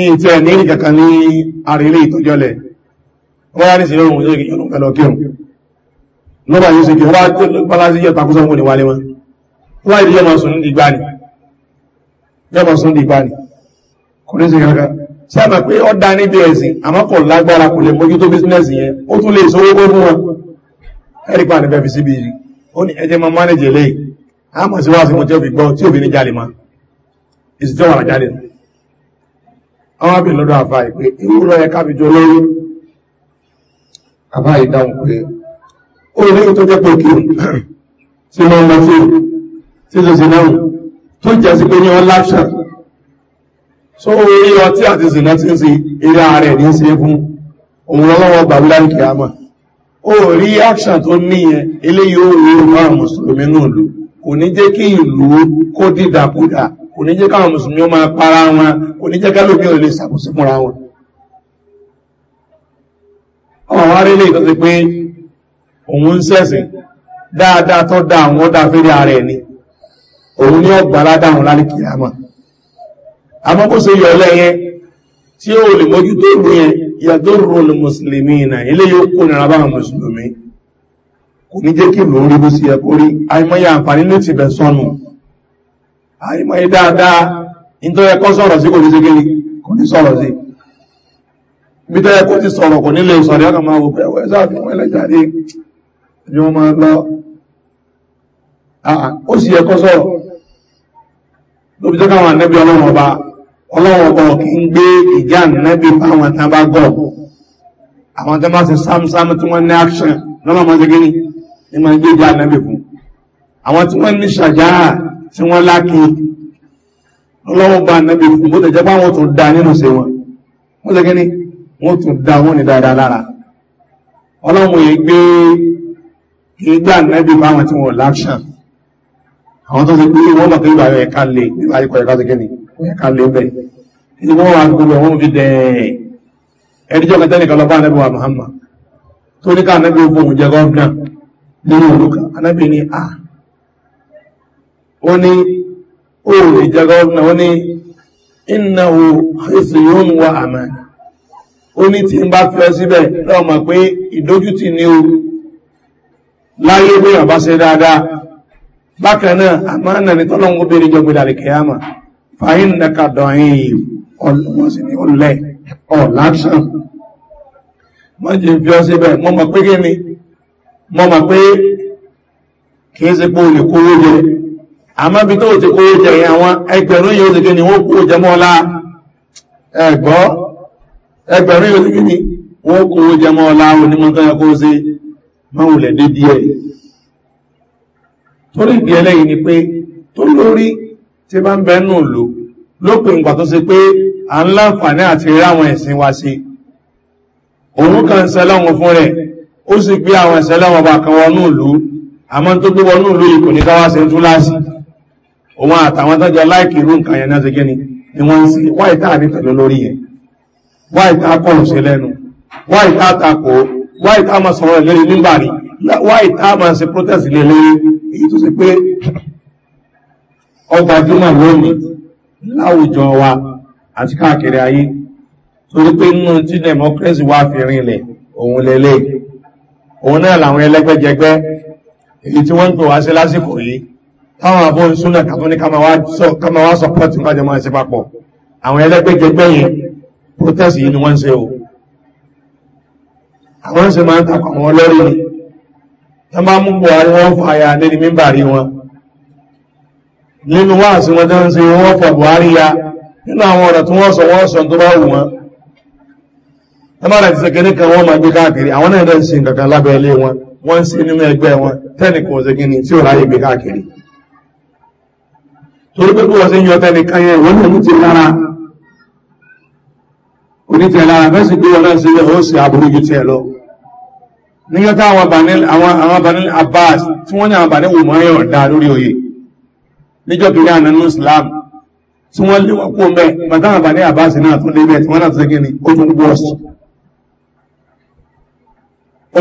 in ti ẹni rí kankan ní àrílé ìtọ́jọ́lẹ̀ wọ́n yá ní sí lọ́rùn ìṣẹ́kì yọ̀nù pẹ̀lọ kírùn lọ́bà yóò sì kí wọ́n tó pàlá sí yọ̀ta kúsọ̀ mú ní wálé ni ni pé ó dá níbi ẹ̀sìn àmọ́ lágbára kò lè mójú tó bísínẹ́sì yẹn ó tún lè sówó kó wọn síbi àwọn abì lọ́dọ̀ àfà ìpé ìwúrọ̀ ẹ̀ká fi jọ lórí àfà ìdáhùn pé ó ní tó jẹ́ pòkì tí wọ́n lọ sí títò sí náà tó jẹ́ sí pé ní wọ́n láṣà só orí ọtí àti sìnà tí ń sí eré ààrẹ ní sí fún òun lọ́wọ́ gbàgbúdárì kìámà ó rí action tó níyẹn eléyìí ó rí ọmọ mùsùlùmí náà lò kò ní jẹ́ kí ìlú kó dìdàkudà kò ní jẹ́ káwọn mùsùlùmí ó máa para wọn kò ní jẹ́ kálòmí ò lè sàkóso fúnra wọn ọmọ wa rí lè tó ti pé òun ń sẹ́sìn dáadáa tó dá àwọn ó fẹ́rẹ́ ara ni òun ní ọgbà aládàrún lálẹ́kìlá mọ̀ àmọ́ kó se yọ lẹ́yẹ tí ó lè mójú tó rú yẹn yàtọ̀ rún mùsùlùmí náà ilé yóò kó nira báwọn mùsùlùmí kò ní jẹ́ kí lóorí bó sì yẹ kó rí àìmọye àǹfààní ló ti bẹ̀ sọnù àìmọ̀ ẹ̀ dáadáa in tó yẹ kọ́ sọ̀rọ̀ sí kò ní ségele kò ní sọ̀rọ̀ sí bí tó yẹ kó ti sọ̀rọ̀ kò nílé sọ̀rọ̀ ọkà máa wò pé ẹwẹ́ sáàfihàn ẹlẹ́jáde ni wọ́n máa lọ ó sì yẹ kọ́ sọ̀rọ̀ lóbi action lọ́nà máa ṣe kí ni ní máa gbé ìjà àwọn tí wọ́n ní ṣàjáà tí wọ́n lákì ọlọ́wọ́ bá nẹ́bí fún bó tẹ̀jẹ́ bá wọ́n tún dá nínú sí wọn wọ́n tẹ́ kíní wọ́n tún dá wọ́n ní dáadáa lára ọlọ́wọ́ yìí gbé ìgbà nẹ́bí fáwọn tí wọ́n láṣàn àwọn tó ti gbé wọ́n mọ̀ pé ìgbà yọ ẹ̀ka lè nígbà yìí kọ̀ ẹ̀ka sí kíní ẹ̀ka lè bẹ̀ ẹni wọ́n wà gbogbo wọn fi dẹ̀ ẹni jọ́ kẹtẹ́ nìkan lọ bá nẹ́bí wa muhammad tó ní ká nẹ́bí fún òun jẹ gọ́ọ̀nà nínú òrùka nẹ́bí ni ah wọ́n ní òòrì jẹ́ gọ́ọ̀nà wọ́n ní ìnáwó ìsìyún wa àmà ó ní tí ń bá fẹ́ síbẹ̀ mọ̀ pé ìdójútì ni o láyé pé ọ̀bá ṣe dáadáa bákanáà náà ní kìyàmà fàáyín ọlọ́wọ́ sí ní ọlẹ́ ọ̀láṣàn wọ́n jẹ́ fi ọ́ síbẹ̀ mọ̀ pé kí ni mọ̀ pé ṣe pé àmọ́ bí tó ti kó jẹ àwọn ẹgbẹ̀rún yóò ti gini wọ́n kó jẹ mọ́lá ẹ̀gbọ́ ẹgbẹ̀rún yóò ti gini wọ́n kó jẹ mọ́lá onímọ̀tọ́yà ni pé tó lórí tí bá ń bẹ́nu lò lópin ìgbà tó ṣe pé à ń láǹfààní àti ráwọn ẹ̀sìn wa sí òun kan sẹlọ́wọ́n fún rẹ̀ ó sì gbé àwọn ẹ̀sẹ̀lọ́wọ́n bá kan wọnú ìlú àmọ́ tó gbé wọnú ìlú yìí ní káwá sí ń túláàsì òun àtàwọn tọ́jọ láìkì irú nǹkan yẹn náà ṣe gẹ́ni ni wọ́n ń sí wáì tá ní tẹ̀lé lórí yẹn wáì tá kọlù sí lẹ́nu wáì tá takò wáì tá máa sọ̀rọ̀ lórí nígbà ni wáì tá máa ṣe protest lé lé èyí tó ṣe pé ọgbà júmọ̀ lónìí láwùjọ wa àti káàkiri ayé torí pé nínú tí democracy wá fi rinlẹ̀ òun lélẹ̀ òun náà làwọn ẹlẹ́gbẹ́jẹgbẹ́ èyí tí wọ́n ń pè wá sí lásìkò yìí táwọn àbọ̀ ń súnà kàtún ní kama wá sọpọ́tì nípa jẹmọ́ ẹ̀sẹ̀ papọ̀ àwọn ẹlẹ́gbẹ̀gbẹ̀ yẹn protest yìí ni wọ́n ń se o àwọn ṣe máa ń takọ̀ àwọn lọ́rí ni ya nínú mímbàrí wọn fọ buhari ya nínú àwọn ọ̀rọ̀ tí wọ́n sọ wọ́n sọ tó bá wù wọn tó bá rẹ̀ wọ́n máa gbé káàkiri àwọn náà ń se nǹkan lábẹ́ ilé wọn wọ́n ń se torí pé bí wọ́n ṣe ń yọ tẹ́nìkan yẹn ìwọ́n náà ní ti lára onítẹ̀ lára mẹ́sìn pé wọ́n náà ṣe ó sì àbúrú ju tiẹ̀ lọ níjọ́ táwọn abanil abbas tí wọ́n ní àwọn abanil wòmọ́yọ̀ dá lórí oyè níjọ́ kìí àná islam tí wọ́n lé wọ́n kó mẹ́ bàtàwọn abanil abbas náà tún lé mẹ́ tí wọ́n náà tún ṣe kíni ó tún wọ́ọ̀sì ó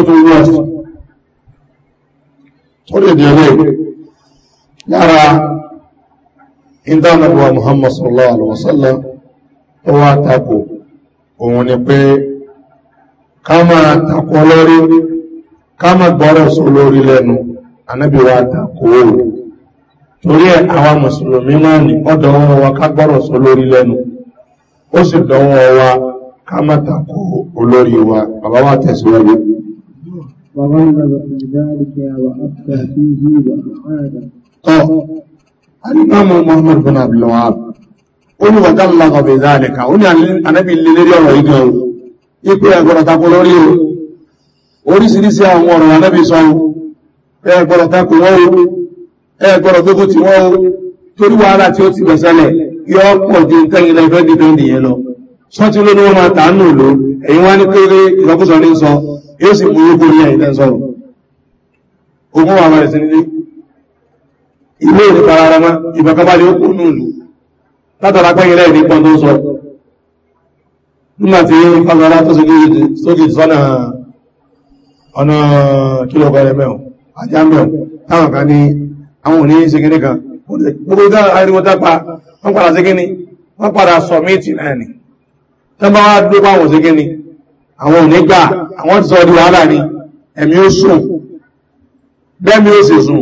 tún lára ìdánàbíwa muhammad sallallahu alaihi wasallam ó wá tako òun ni pé ká máa tako lórí ká lórí lẹ́nu tako torí ẹ̀ àwọn mùsùlùmí máa ní ọdọ̀ wọn olori ká o lórí lẹ́nu ó sì olori wa ká alimami muhammad bin abdulwahab ó ní wọ́n dálá ọ̀bẹ̀ ìdáàdẹ̀ka ó ní anábì lè lérí ọ̀rọ̀ ìgbà o ipò ẹ̀gbọ́dọ̀ tako lórí o oríṣiríṣi àwọn ọ̀rọ̀ anábì sọ ẹ̀gbọ́dọ̀ tako wọ́n o ẹ̀gbọ́dọ̀ tókù tí wọ́n o torí wàhálà tí ó ti bẹ̀ sẹ́lẹ̀ yọ pọ̀ ju tẹ́yìn lẹ́fẹ́ dídán nìyẹn lọ sọ́tí ló ní wọ́n ìlú òní farara mọ́ ìbọ̀kọ́bá ni ó kú nù lù látara pẹ́yìn lẹ́yìn nípa tó sọ nígbà tí fásitì tó sókè sọ́nà ọ̀nà kílò ni tán bá wá dúró pàwọn ṣe kíní àwọn òní gbà àwọn ti sọ ọdún wàhálà ni ẹ̀mí ó sùn bẹ́ẹ̀ mi ó sì sùn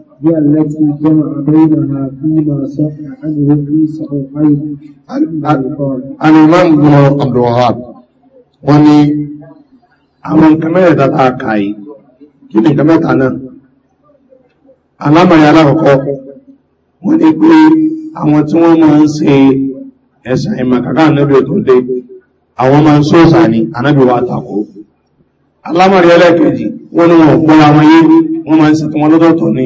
هي التي جمع بينها فيما صح عنه في صحيحين عن الإمام بن عبد الوهاب وني àwọn nǹkan mẹ́rẹ̀ẹ́ta tá a kà yìí kí ni nǹkan mẹ́ta náà alámọ̀yà alákọ̀ọ́kọ́ wọ́n ní pé àwọn tí wọ́n máa ń se ẹ̀sìn ìmọ̀kàkà ànábì tó dé àwọn máa ń sóòsà ní ànábì wa tako alámọ̀rẹ̀ ẹlẹ́kẹ̀ẹ́jì wọ́n ní wọn ò gbọ́ra wọn yé wọ́n máa ń se tiwọn lọ́dọ̀tọ̀ ní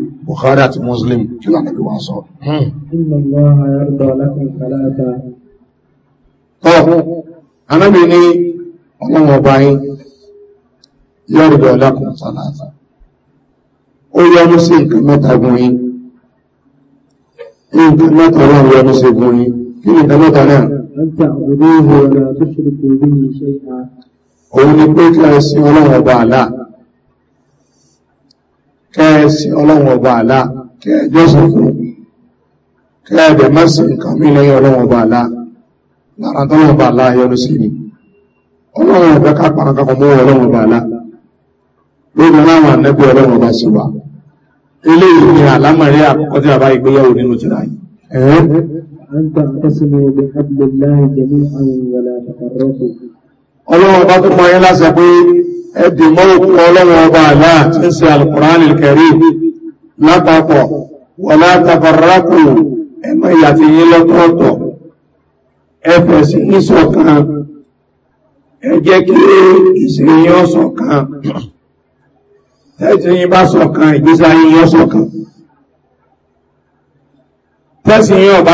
bukhari àti muslim kí lọ nàbí wọn sọ hmm. anábì ní ọlọ́wọ́ báyìí yọ́rùdọ̀ ọlákùn sálàtà ó yọ́nú sí nǹkan mẹ́ta gun yí nǹkan mẹ́ta náà yọ́nú sí gun yí kí nǹkan mẹ́ta náà òun ni pé kí a sí ọlọ́wọ́ bá aláà kẹ́ẹ̀sì ọlọ́run ọba àlá kẹ́ẹ̀jọ́sìn fún kẹ́ẹ̀dẹ̀ mẹ́sìn nǹkan mí lẹ́yìn ọlọ́run ọba àlá lára tọ́lọ́run ọba àlá yọ́nú sí ni ọlọ́run ọba ká parakakọ mọ́ ọlọ́run ọba àlá lórí ọlọ́wọ́ bá tó mọ́ yẹ́ lásẹ̀ pé ẹdì mọ́rùkú ọlọ́wọ́ ọba àlá tí ń se alkùnránì kẹrí látàpọ̀ wọ látàfàrákù ẹmọ ìyàfihìn lọ́tọ̀ọ̀tọ̀ ẹfẹ̀ sí ní sọ̀kan ẹjẹ́ kí ìsìnyìn ọ̀sọ̀kan tẹ́sìnyìn bá sọ̀kan ìgbésáyìn ọ̀sọ̀kan tẹ́sìnyìn ọ̀bá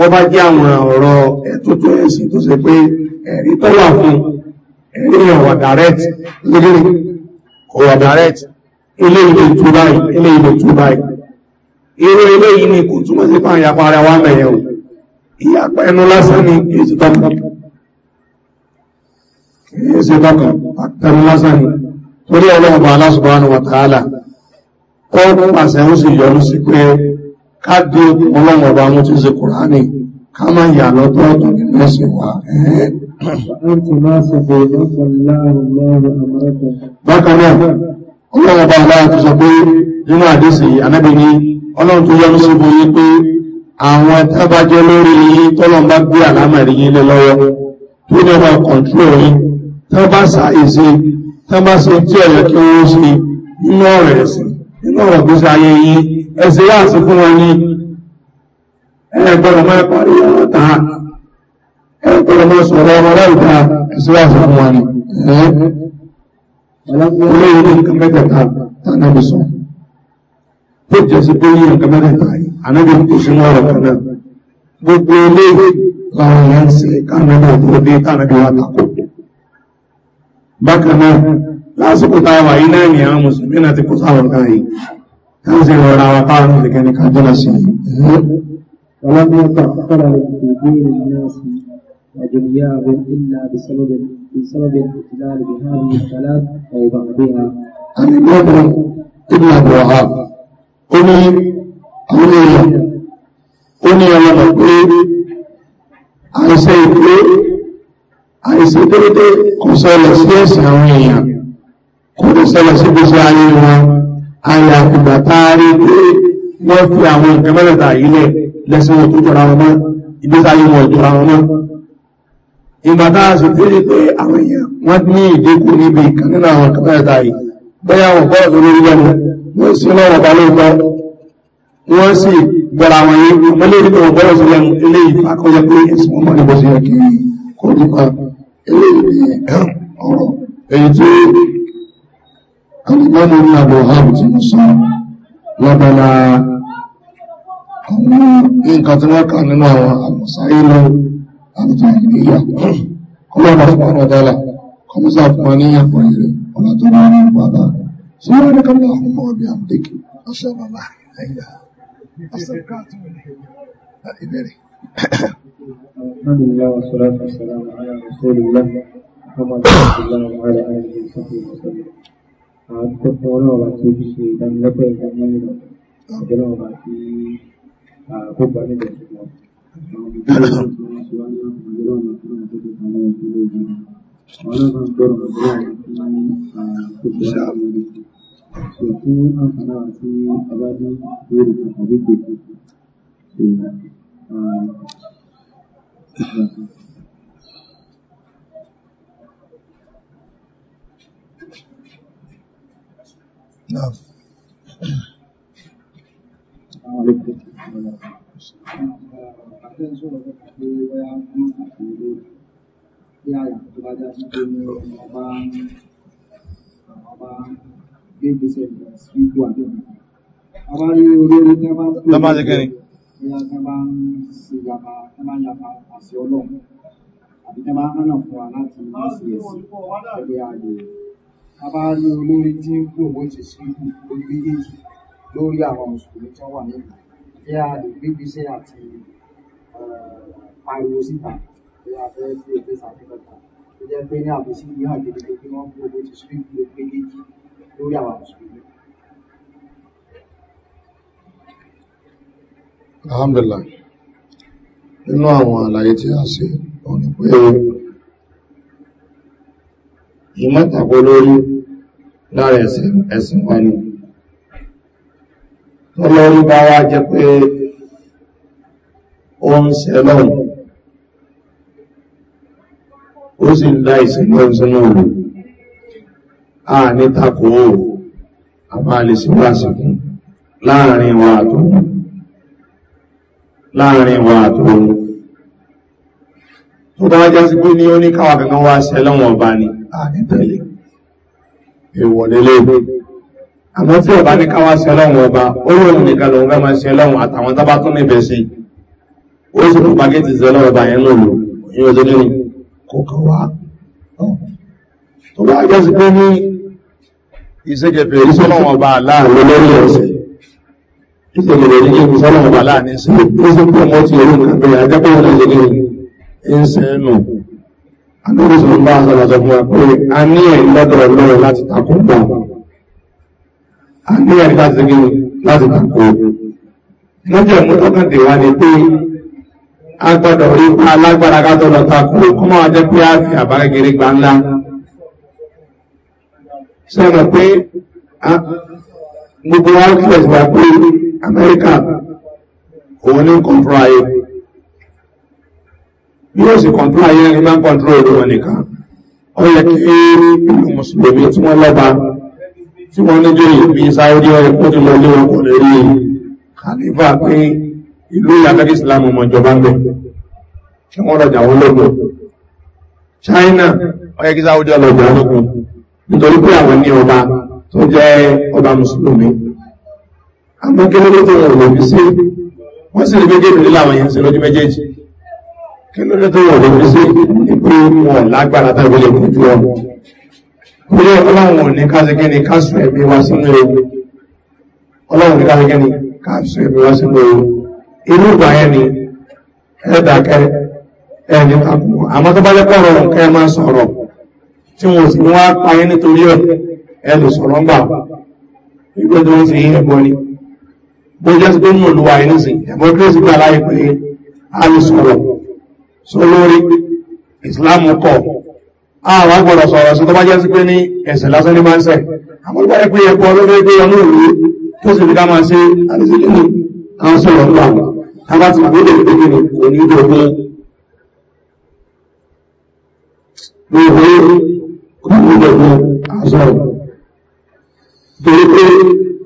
ọba jẹ́ àwọn ọ̀rọ̀ ẹ̀tọ́ tó ẹ̀sìn tó ṣe pé ẹ̀rí tó wà fún ẹ̀rí ọ̀wà direct lórí ọ̀wà direct ilé ilé tó báyìí ilé ilé tó irú ilé yìí ni kò túnmọ̀ sí pàà ìyapa ara wa mẹ̀yẹ̀ ẹnu lásán ni kìí ṣe tọ́kàn kìí tọ́kàn àtẹnu lásán ni torí ọlọ́ọ̀bà Allah subhanahu wa ta'ala kọ́ pàṣẹ ó sì yọnu sí pé ká gbé ọlọ́run ọba wọn tí ń se kùránì ká máa yà lọ́tọ́ ọ̀tọ̀ nínú ẹ̀sìn wa bákan náà ọlọ́run ọba aláà ti sọ pé nínú àdísì anábì ní ọlọ́run tó yọrù sí bóyí pé àwọn tábàjẹ́ lórí yìí tọ́lọ́n bá gbé àlámẹ̀rí yìí lé lọ́wọ́ tó ní ọmọ kọ̀ǹtúrò yìí tán bá sàáyè se tí ọ̀yọ́ kí wọ́n sí nínú ọ̀rẹ̀ ẹ̀sìn nínú ọ̀rọ̀ gbèsè ayé yìí ẹsẹ̀ yà sí fún wọn ní ẹgbẹ̀rún máa parí ọ̀rọ̀ ta ẹgbẹ̀rún máa sọ̀rọ̀ ọmọ láìta ẹsẹ̀ yà sí fún wọn ní olóyè ní nǹkan mẹ́tẹ̀ẹ̀ta tánàbí sọ tó jẹ́ sí pé ní kan náà gbogbo ilé làwọn èèyàn ń ṣe kánàbí àbúrò dé kánàbí wa lásìkò táwà iná ni àwọn mùsùlùmí náà ti kó sáwọn káyì káwọn sí rọra wa káwọn náà lẹ́kẹ́ ní kájọ́lá sí Àìsẹ̀ ìpé, àìsẹ̀ déédéé kò sọ lọ sí ẹ̀sìn àwọn èèyàn kò ní ṣẹlẹ̀ sígbésí ayé wọn ayé àfìgbà táàrí pé wọ́n fi àwọn nǹkan mẹ́rẹ̀ta ìlẹ̀ lẹ́sìn wọn tó jọra wọn mọ́ ìgbésí ayé wọn jọra wọn mọ́ ìgbàtà sì tẹ́lẹ̀ pé àwọn èèyàn wọ́n ní ìdínkù níbi ìkan nínú àwọn nǹkan mẹ́rẹ̀ta yìí bẹ́yà wọn bọ́ọ̀ tó lórí lẹ́nu wọ́n sì lọ́wọ́ bá lóòótọ́ wọ́n sì gbọ́ra wọn yé mọ́lẹ́ ìdínkù wọn bọ́ọ̀ sí lẹ́nu eléyìí akọ́yẹ pé ẹ̀sìn wọn mọ́ níbo sí ẹ̀kẹ́ kó alìmọ́nà ní àbòhàn tí ó sọ lọ́bọ̀lá àwọn nǹkan tí wọ́n kà nínú àwọn àmọ̀sáyílò àbújá ìgbéyà kọlọ́bà fún ọ̀dọ́là kọmọ́sá fún wa ní ẹ̀kọ́ ìrẹ̀ ọ̀nà tó bá ní bàbá tí wọ́n rí kọ́lá àwọn ọmọ ọbẹ̀ àmdékì ọṣẹ́ bàbá wa salatu rasulillah wa ala alihi wa sahbihi wa sallam àkókò ọlọ́ọ̀bá tí ó fi ṣe ìdánilẹ́kọ̀ọ́ ìdáná ìlọ ọjọ́ ọlọ́ọ̀bá tí àkókò bá níbẹ̀ tó lọ. Ọlọ́run gbọ́dọ̀ gbọ́dọ̀ fún àkókò ṣe fún àǹfààní àti abájá lórí àgbègbè. نعم Lọ́bá ṣe kẹrin. Bóyá tẹ́ bá ń ṣe yàbá, tẹ́ bá ń yàbá àṣẹ ọlọ́run, àbí tẹ́ bá ń hánà fún wa láti máa ṣe ẹ̀sìn, ẹgbẹ́ ààyè a bá rí olórí tí ń promote ìsìnkú lórí méjèèjì lórí àwọn mùsùlùmí tó wà nílùú bí a lè gbégbé iṣẹ́ àti pariwo eh, síta bí a fẹ́ fi òfin sàfihàn tó jẹ́ pé ní àbòsí ní àgbègbè tí wọ́n promote ìsìnkú lórí méjèèjì lórí àwọn mùsùlùmí. alhamdulillah nínú àwọn àlàyé tí a ṣe òun pé ìmọ́tàkó lórí lára ẹ̀sìn wọn ni tó lórí bá wá jẹ́ pé ó ń ṣe lọ́wọ́ ó sì ń dá ìsìnkú sínú òru a ní takò ó a máa lè síwáṣì fún láàrin wa àtòun láàrin wa àtòun tó bá jásí pé ní ó kankan wá ṣẹlẹ́wọ̀n ọba ni àdìtẹ̀lé èwọ̀ nílé àmọ́ tí ọba ní káwá sí ọlọ́run ọba ó yóò nìkan lòun fẹ́ máa ṣe ọlọ́run àtàwọn tábà tún nífẹ̀ẹ́ sí ó sì fún pàkẹ́tì sí ọlọ́run ọba yẹn lò lò ní ọjọ́ nínú kò kàn wá tó bá jẹ́ sí pé ní ìṣẹ́gẹ̀fẹ̀ ìṣọ́lọ́run ọba láàrin olórí ọ̀sẹ̀ àdúrà sọ̀rọ̀ bá àṣàlà sọ fún wa pé a ní ẹ̀rí lọ́dọ̀rọ̀ lọ́rọ̀ láti takò wọn a ní ẹ̀rí láti gbé láti takò lọ́jọ́ mú tọ́kàndé wa ni pé a gbọ́dọ̀ rí pa alágbára ká tọ́ lọ takò kó máa jẹ́ pé a fi àbá kékeré gba ńlá sọ̀rọ̀ pé gbogbo wa kí ẹ̀sìn wa pé Amẹ́ríkà òun ní kọ̀ọ̀fọ̀ ayé bí ó sì kọ̀ntún ayé ẹni bá ń kọ̀ntún òru wọn nìkan ó yẹ kí ìlú mùsùlùmí tí wọ́n lọ́ba tí wọ́n níjọ́ ìbí sáwọ́dí ọ̀rẹ́ kó ti lọ lé wọn kò lè rí kàlífà pé ìlú yàtọ̀ ìsìlámù mọ̀ ìjọba ń bẹ̀ kí wọ́n rọjà wọn lọ́gbọ̀n china ó yẹ kí sáwọ́dí ọlọ́gbọ̀n lọ́gbọ̀n nítorí pé àwọn ní ọba tó jẹ́ ọba mùsùlùmí àmọ́ kí ló tó wọn ò lè fi sí wọ́n sì rí méjèèjì nílà àwọn yẹn sí lójú méjèèjì kí ló lọ́tọ́ wọ̀ lórí sí ìpé wọn lágbára tàbí lè kojú ọmọ ilé ọlọ́run ní kásẹ̀kẹ́ni kásù ẹ̀mí wá sínú ewu ọlọ́run ní kásẹ̀kẹ́ni kásù ẹ̀mí wá sínú ewu inú ìgbà yẹn ni ẹ̀dàkẹ́ ẹni takùn àmọ́ tó bá lẹ́kọ̀ọ́ rọrùn kẹ́ máa sọ̀rọ̀ tí wọn sì wá payé nítorí ẹ̀ ẹ lè sọ̀rọ̀ ń gbà wípé tó ń sin ẹ̀bọ ni bó jẹ́ sí pé mú olùwà yìí nísìn ẹ̀bọ kí ó sì gbà láì pé sólórí islam kọ̀ àwọn agbọ̀dọ̀ sọ̀rọ̀ sí tó bá jẹ́ sí pé ní ẹ̀sẹ̀ lásán ní máa ń sẹ̀ àwọn ìgbà ẹgbẹ́ ẹ̀kọ́ lórí ẹgbẹ́ ọmọ ìlú tó sì fi ká máa ṣe àdìsílẹ̀ ní àwọn sọ̀rọ̀ ńlá tábà ti gbé lè gbé ní onídògún ní ìwé onídògún àzọ̀rọ̀ torí pé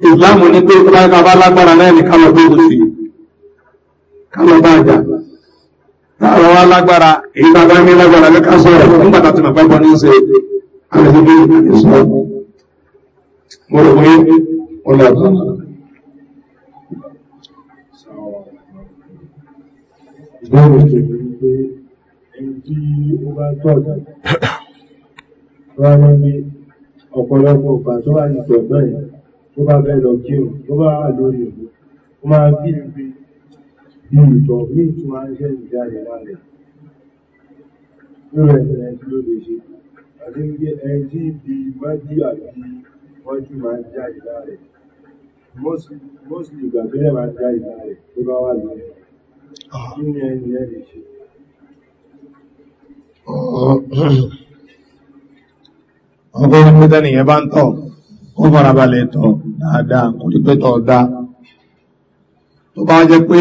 ìsìlámù ní pé tó bá ká bá lágbára náà ní ká lọ bá ìlú sí ká lọ bá táwọn wá lágbára èyí tá a bá ní lágbára lẹ́ka sọ̀rọ̀ nígbà tá a ti ní ṣe àlejò bí ìpàdé mo rò pé ó lè pé ó bá ní ọ̀pọ̀lọpọ̀ ọ̀pá tó wà ní ìjọba Ìjọ ní ìtura iṣẹ́ ìjáde lára lórí ẹ̀sẹ̀ ẹni ló bá ń tọ̀, ó farabalẹ̀ tọ̀ dáadáa, kò ní pé tọ̀ dáa tó bá jẹ́ pé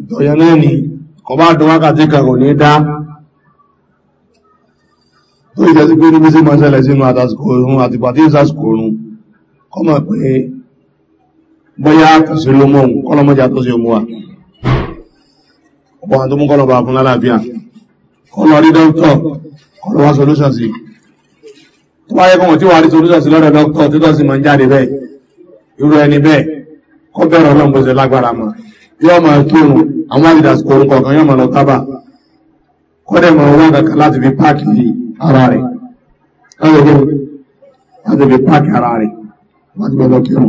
ìtọ̀yẹ náà ni kọ bá dán wákàtí kan kò ní dá tó ìjẹ́ sí pé níbi sí mọ́ ṣẹlẹ̀ sínú àtàsìkò orun àti pàtí ìsàsìkò orun kọ́ mọ̀ pé bọ́yá kàṣí ló mọ́ òun kọ́lọ́mọ́já tó ṣe mú wa ọ̀pọ̀ àwọn tó mú kọ́lọ́bà fún lálàáfíà kọ́lọ́ rí dọ́kítọ̀ kọ́lọ́ wá solúṣọ̀ sí tó bá yẹ kọ́mọ̀ tí wà rí solúṣọ̀ sí lọ́dọ̀ dọ́kítọ̀ títọ́ sí mọ̀ ń jáde bẹ́ẹ̀ irú ẹni bẹ́ẹ̀ kọ́ bẹ̀rẹ̀ ọlọ́run bọ́sẹ̀ lágbára mọ̀ yọ́ máa kírun àwọn àdìdàsíkò orúkọ kan yọ́ máa lọ tábà kọ́dẹ̀ máa wá kankan láti fi páàkì ara rẹ̀ láti fi páàkì ara rẹ̀ láti gbọ́dọ̀ kírun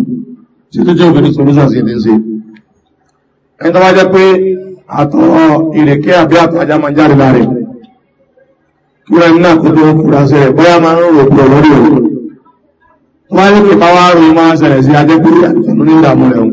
tí tó jẹ́ obìnrin solúsà sí ní se, ẹni tó wá jẹ́ pé àtọ̀ ìrèké àbí àtọ̀ ajá máa jáde lára rẹ̀ kíra iná kó tó kúra sí rẹ̀ bóyá máa ń rò pọ̀ lórí òun wọ́n á ní pé bá wá rò máa ṣẹlẹ̀ sí adékúrú àti ìfẹ̀mú ní ìdààmú rẹ̀ òun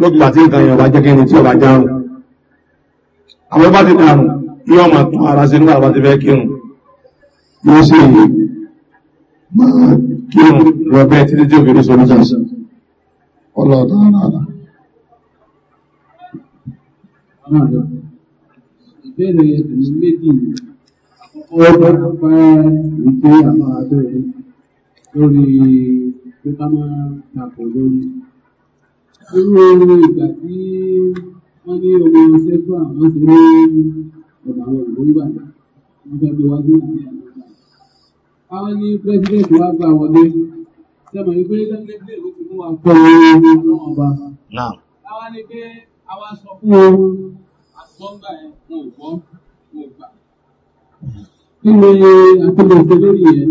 lókùnbà tí nǹkan yọ̀bá jẹ́ kíni tí ọba járùn àwọn bá ti dàrùn yóò máa tún ara sí nígbà bá ti fẹ́ kírun yóò sì máa kírun lọ bẹ́ẹ̀ títí tí ó fi rí solúṣà sí ọlọ́ọ̀tọ̀ rárá. ìbéèrè méjì ó bá ìpè àwọn àbẹ̀rẹ̀ lórí pé ká máa tàpọ̀ lórí irú ìgbà tí wọ́n ní omi sẹ́tù àwọn ṣe ní ọ̀dà àwọn ògbóngbà wọ́n fẹ́ gbé wá sí ìgbà àwọn ní pírẹsidẹ́ntì wá gbà wọlé sẹ́mọ̀ ní pé lẹ́gbẹ̀ẹ́ ló ti mú wa pọ̀ ọlọ́run ọba. àwọn ní pé àwa sọ fún o àtọ́gbà ẹ̀ wọn ò gbọ́ kí ni àtúntò ṣe yẹn?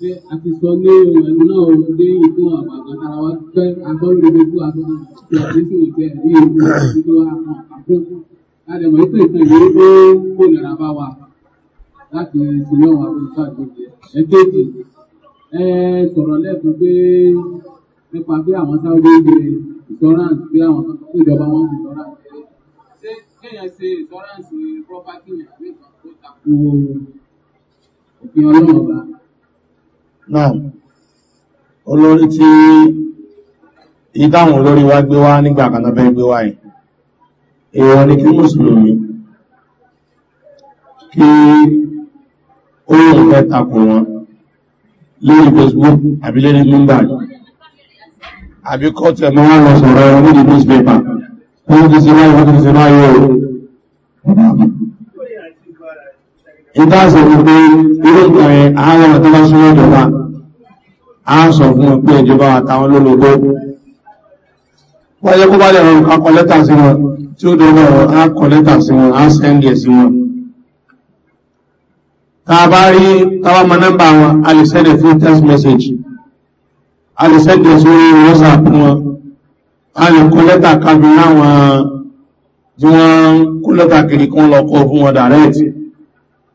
pé a ti sọ ní ẹnu náà o dé ìfún àwọn àgbàkara wa fẹ́ agbọ́rùn-ún gbogbo àgbọ̀n ìgbàgbé sì wọ́n jẹ́ ní ìlú àdúgbò àwọn àkókò. Adẹ̀mọ̀ ìtàn ìtàn yìí ó kò nira bá wa láti sinmi àwọn àgbẹ̀ká àgbègbè. Ẹ kéèkì ẹ sọ̀rọ̀ lẹ́ẹ̀kan pé nípa pé àwọn sáré gbé insurance pé àwọn ìjọba wọn fi insurance Ṣé kéèyàn ṣe insurance property yẹn àbí tó takò òfin ọlọ́run náà olórí tí ìdáhùn olórí wá gbé wá nígbà kanáà bẹ́ gbé wá yìí èèyàn ni kí mùsùlùmí kí oòrùn fẹ́ takò wọn lórí facebook àbí lórí bloomberg àbí kọ́tù ẹ̀mọ́ wọn lọ sọ̀rọ̀ ẹ̀rọ nídìí newspaper wọ́n ti ìdáṣẹ́ gbogbo ilé ìkàrẹ àwọn ọ̀tọ́ bá súnmọ́ ìjọba a ń sọ fún ọpẹ́ ìjọba àtàwọn olóògbò wáyé kó bá lè rọrùn akọ lẹ́tà sí wọn tí ó dọ́rọ̀ akọ sí wọn a sí wọn ta bá rí tàbá nọ́mbà wọn a fún text message a lè sẹ́ndì sórí whatsapp wọn a lè kọ lẹ́tà kábi láwọn tí wọ́n kó lẹ́tà kiri kan lọ kọ fún wọn dàrẹ́ẹ̀tì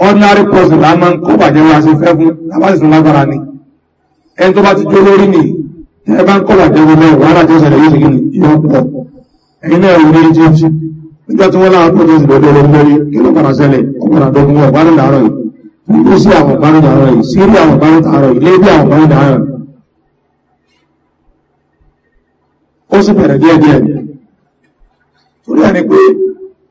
ordinary person la máa ń kó bàjẹ́ wa ṣe fẹ́ fún lábàṣìṣún lágbára ni ẹni tó bá ti jó lórí ni ẹ bá ń kó bàjẹ́ wọn mẹ́rin wàhálà tó ṣẹlẹ̀ yóò ṣe kíni yóò pọ̀ ẹ̀yin náà rí lórí jíjí nígbà tí wọ́n láwọn tó tó ṣẹlẹ̀ lórí lórí kí ló padà ṣẹlẹ̀ ọ̀padà dogun wọn ọ̀gbárí làárọ̀ yìí ìlú sí àwọn ọ̀gbárí làárọ̀ yìí sírí àwọn ọ̀gbárí làárọ̀ yìí lébí àwọn ọ̀gbárí làárọ̀ yìí ó sì bẹ̀rẹ̀ díẹ̀díẹ̀ torí ẹni pé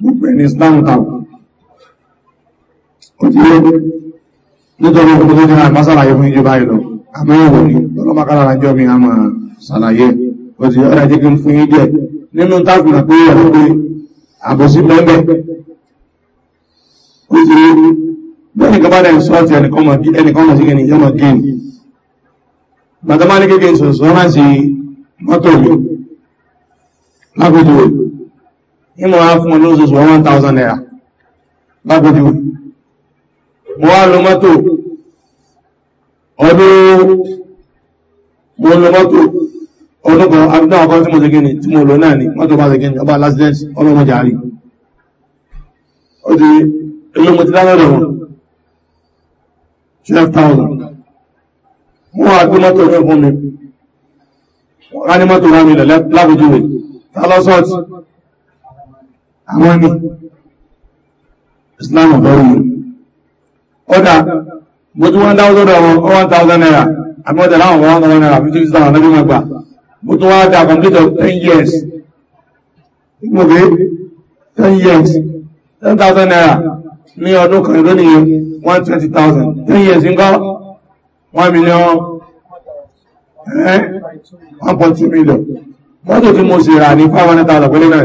wípé ní Islam town ó ti yé nítorí òkú tó jẹ́ àmá sàlàyé fún ìjọba ìlọ àmọ́ ìwò ní ọlọ́mọkàlà àjọ mi àmà sàlàyé ó ti yọ́ra jẹ́ kí n fún yín díẹ̀ nínú tábìlà pé ìyàwó pé àbòsí mẹ́mẹ́ ó ti yé bẹ́ẹ̀ni kọ́ bá dẹ̀ sọ́ ti ẹnìkan mọ̀ sí ẹni ìmọ̀ á fún olóòsùsù 1000 naira lágbójú mo wá lọ mọ́tò ọdún mo lọ mọ́tò ọdún kan abúdá ọkọ̀ tí mo ṣe gíní tí mo lọ náà ni mọ́tò bá ṣe gíní ọba lásìdẹ́ntì ọlọ́mọ jàrí ó ti ilé mo ti dá lọ́dọ̀ wọn 12,000 wọ́n wá gbé mọ́tò fún mi wọ́n mọ́tò rá mi lẹ̀ lágbójú rẹ̀ àwọn ní islam lọ́rùn yìí ọ̀dá mo tún 1000 one 1000 naira àmì ọ̀dá láwọn 1000 naira 50,000 lọ́dún mẹ́gbà mo tún wá dá complete of 10 years mo gbé 10 years 10,000 naira ní ọdún kan lónìí 120,000 10 years ń kọ́ 1 million 1.2 million mọ́tò tí mo sì rà ní 500,000 pẹ̀lú náà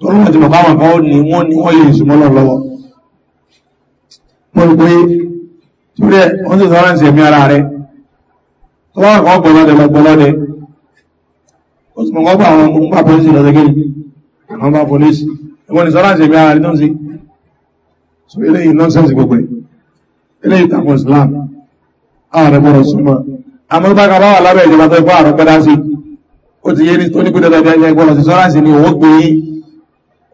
torí wọ́n ti mọ̀ káwọn kan ó ní wọ́n ní wọ́n lè súnmọ́ lọ lọ́wọ́ mo rò pé torí ẹ̀ wọ́n sì sọ́rọ̀ sí ẹ̀mí ara rẹ̀ tó wọ́n kọ́ gbọ́lọ́dẹ lọ́gbọ́lọ́dẹ ó sì mọ̀ kọ́ bá àwọn ọmọ nípa pọ́lísì lọ́sẹ̀ kiri àwọn bá pọ́lísì ẹ̀wọ́n ni sọ́rọ̀ sí ẹ̀mí ara rẹ̀ tó ń sí so eléyìí nọ́nsẹ̀nsì gbogbo ẹ̀ eléyìí takò islam àwọn rẹ̀ gbọ́dọ̀ súnmọ́ àmọ́ bá kaba wà lábẹ́ ìjọba tó ẹ̀kọ́ àrùn pẹ́dá sí ó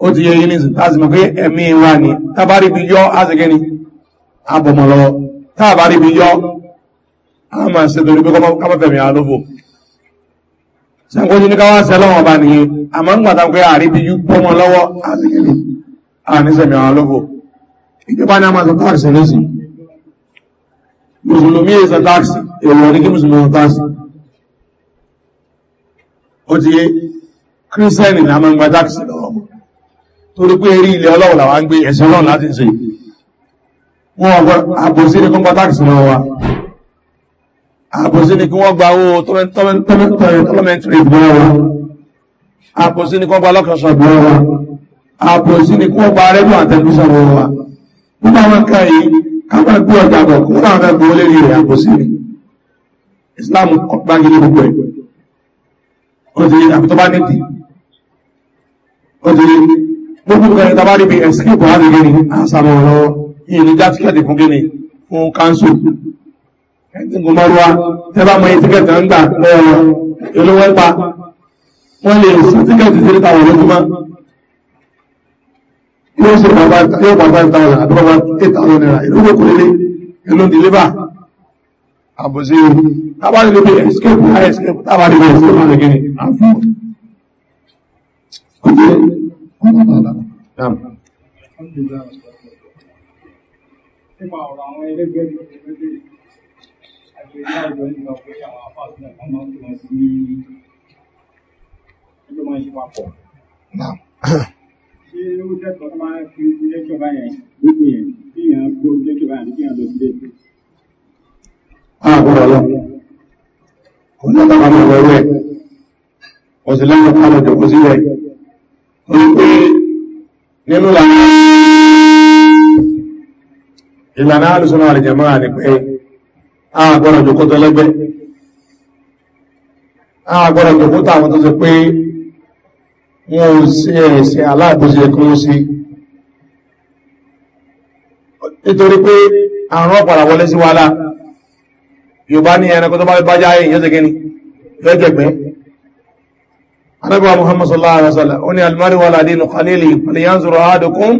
ó ti yẹ yí ní láti mọ̀ pé ẹ̀mí wa ni tábárí bí yọ́ ásìkẹ́ni abọ̀mọ̀ lọ́wọ́ tábárí bí yọ́ a máa ṣe torí pé kámọ́fẹ̀mí alófò sẹ́kọ́jú ní káwá sẹ́lọ́wọ́ bá nìyẹn àmọ́ ń gbàtà pé àrí bí yú bọ́mọ lọ́wọ́ ásìkẹ́ni a ní sẹ̀mí alófò ìjọba ní a máa sọ táàkì lẹ́sìn mùsùlùmí èsà táàkì èèwọ̀ ní kí mùsùlùmí táàkì ó ti yé kírísẹ́nì ni a máa ń gba táàkì lọ́wọ́ torí pé rí ilẹ̀ ọlọ́run làwọn ń gbé ẹ̀sìn ọlọ́run láti ṣe wọ́n wa àbòsí ní kí wọ́n gba owó tọ́lọ́mẹ́ntìrì ìgbọ́n wa àbòsí ní kí wọ́n gba lọ́kànṣọ́ ìgbọ́n wa àbòsí ní kí wọ́n gba rẹ́dùn àtẹnusọ́ ìgbọ́n wa nígbà wọn ká yìí kápá gbé ọjà bọ̀ ni islam gbágilé gbogbo ẹ̀ ó ti àbítọ́ gbogbo nǹkan ẹ̀ta bá rí bí ẹ̀sìn ìbò á lè gẹ́ni àṣàmì ọ̀rọ̀ ìyìn ní játíkẹ̀tì fún gẹ́ni fún káńsù ẹ̀sìn gbọmọrúwa tẹ́bà mọ ìtíkẹ̀tì ń gbà lọ́wọ́ olówó ẹ̀pa wọ́n lè sí tíkẹ̀tì sí ìta òwúrọ̀ tó máa yóò ṣe bàbá yóò bàbá ìta ọ̀rọ̀ àti bàbá ìta ọ̀rọ̀ náírà ìlú kò lélẹ̀ ìlú dìlébà àbòsí o tábà lè bí escape high escape tábà lè bí Na'am. Na'am. Àgbọ̀rọ̀ lọ. Kò ní ọ̀pá ọmọ ọ̀rọ̀ rẹ̀. Ọ̀sẹ̀ lẹ́yìn ọ̀pá ọjọ́ kò sí rẹ̀ wípé nínú ìlànà alùsọ́nà àrìjẹ̀mọ́ àni pé àgbọ́nà jòkó tó lẹ́gbẹ́ àgbọ́nà jòkó táwọn tó ti pé wọ́n ò sí ẹ̀ẹ̀sẹ̀ aláàbòsí ẹkùn sí nítorí pé àrùn ọ̀pàdà wọlé sí wàhálà yorùbá ní ẹranko tó bá bá jáyé ìyẹ́sẹ̀gẹ́ni lẹ́gbẹ̀gbẹ́ anábíwá muhammad sallallahu alaihi wasallam ó ní almari wà ládé nù khalili pàlìyàn zùrọ̀ àádùkún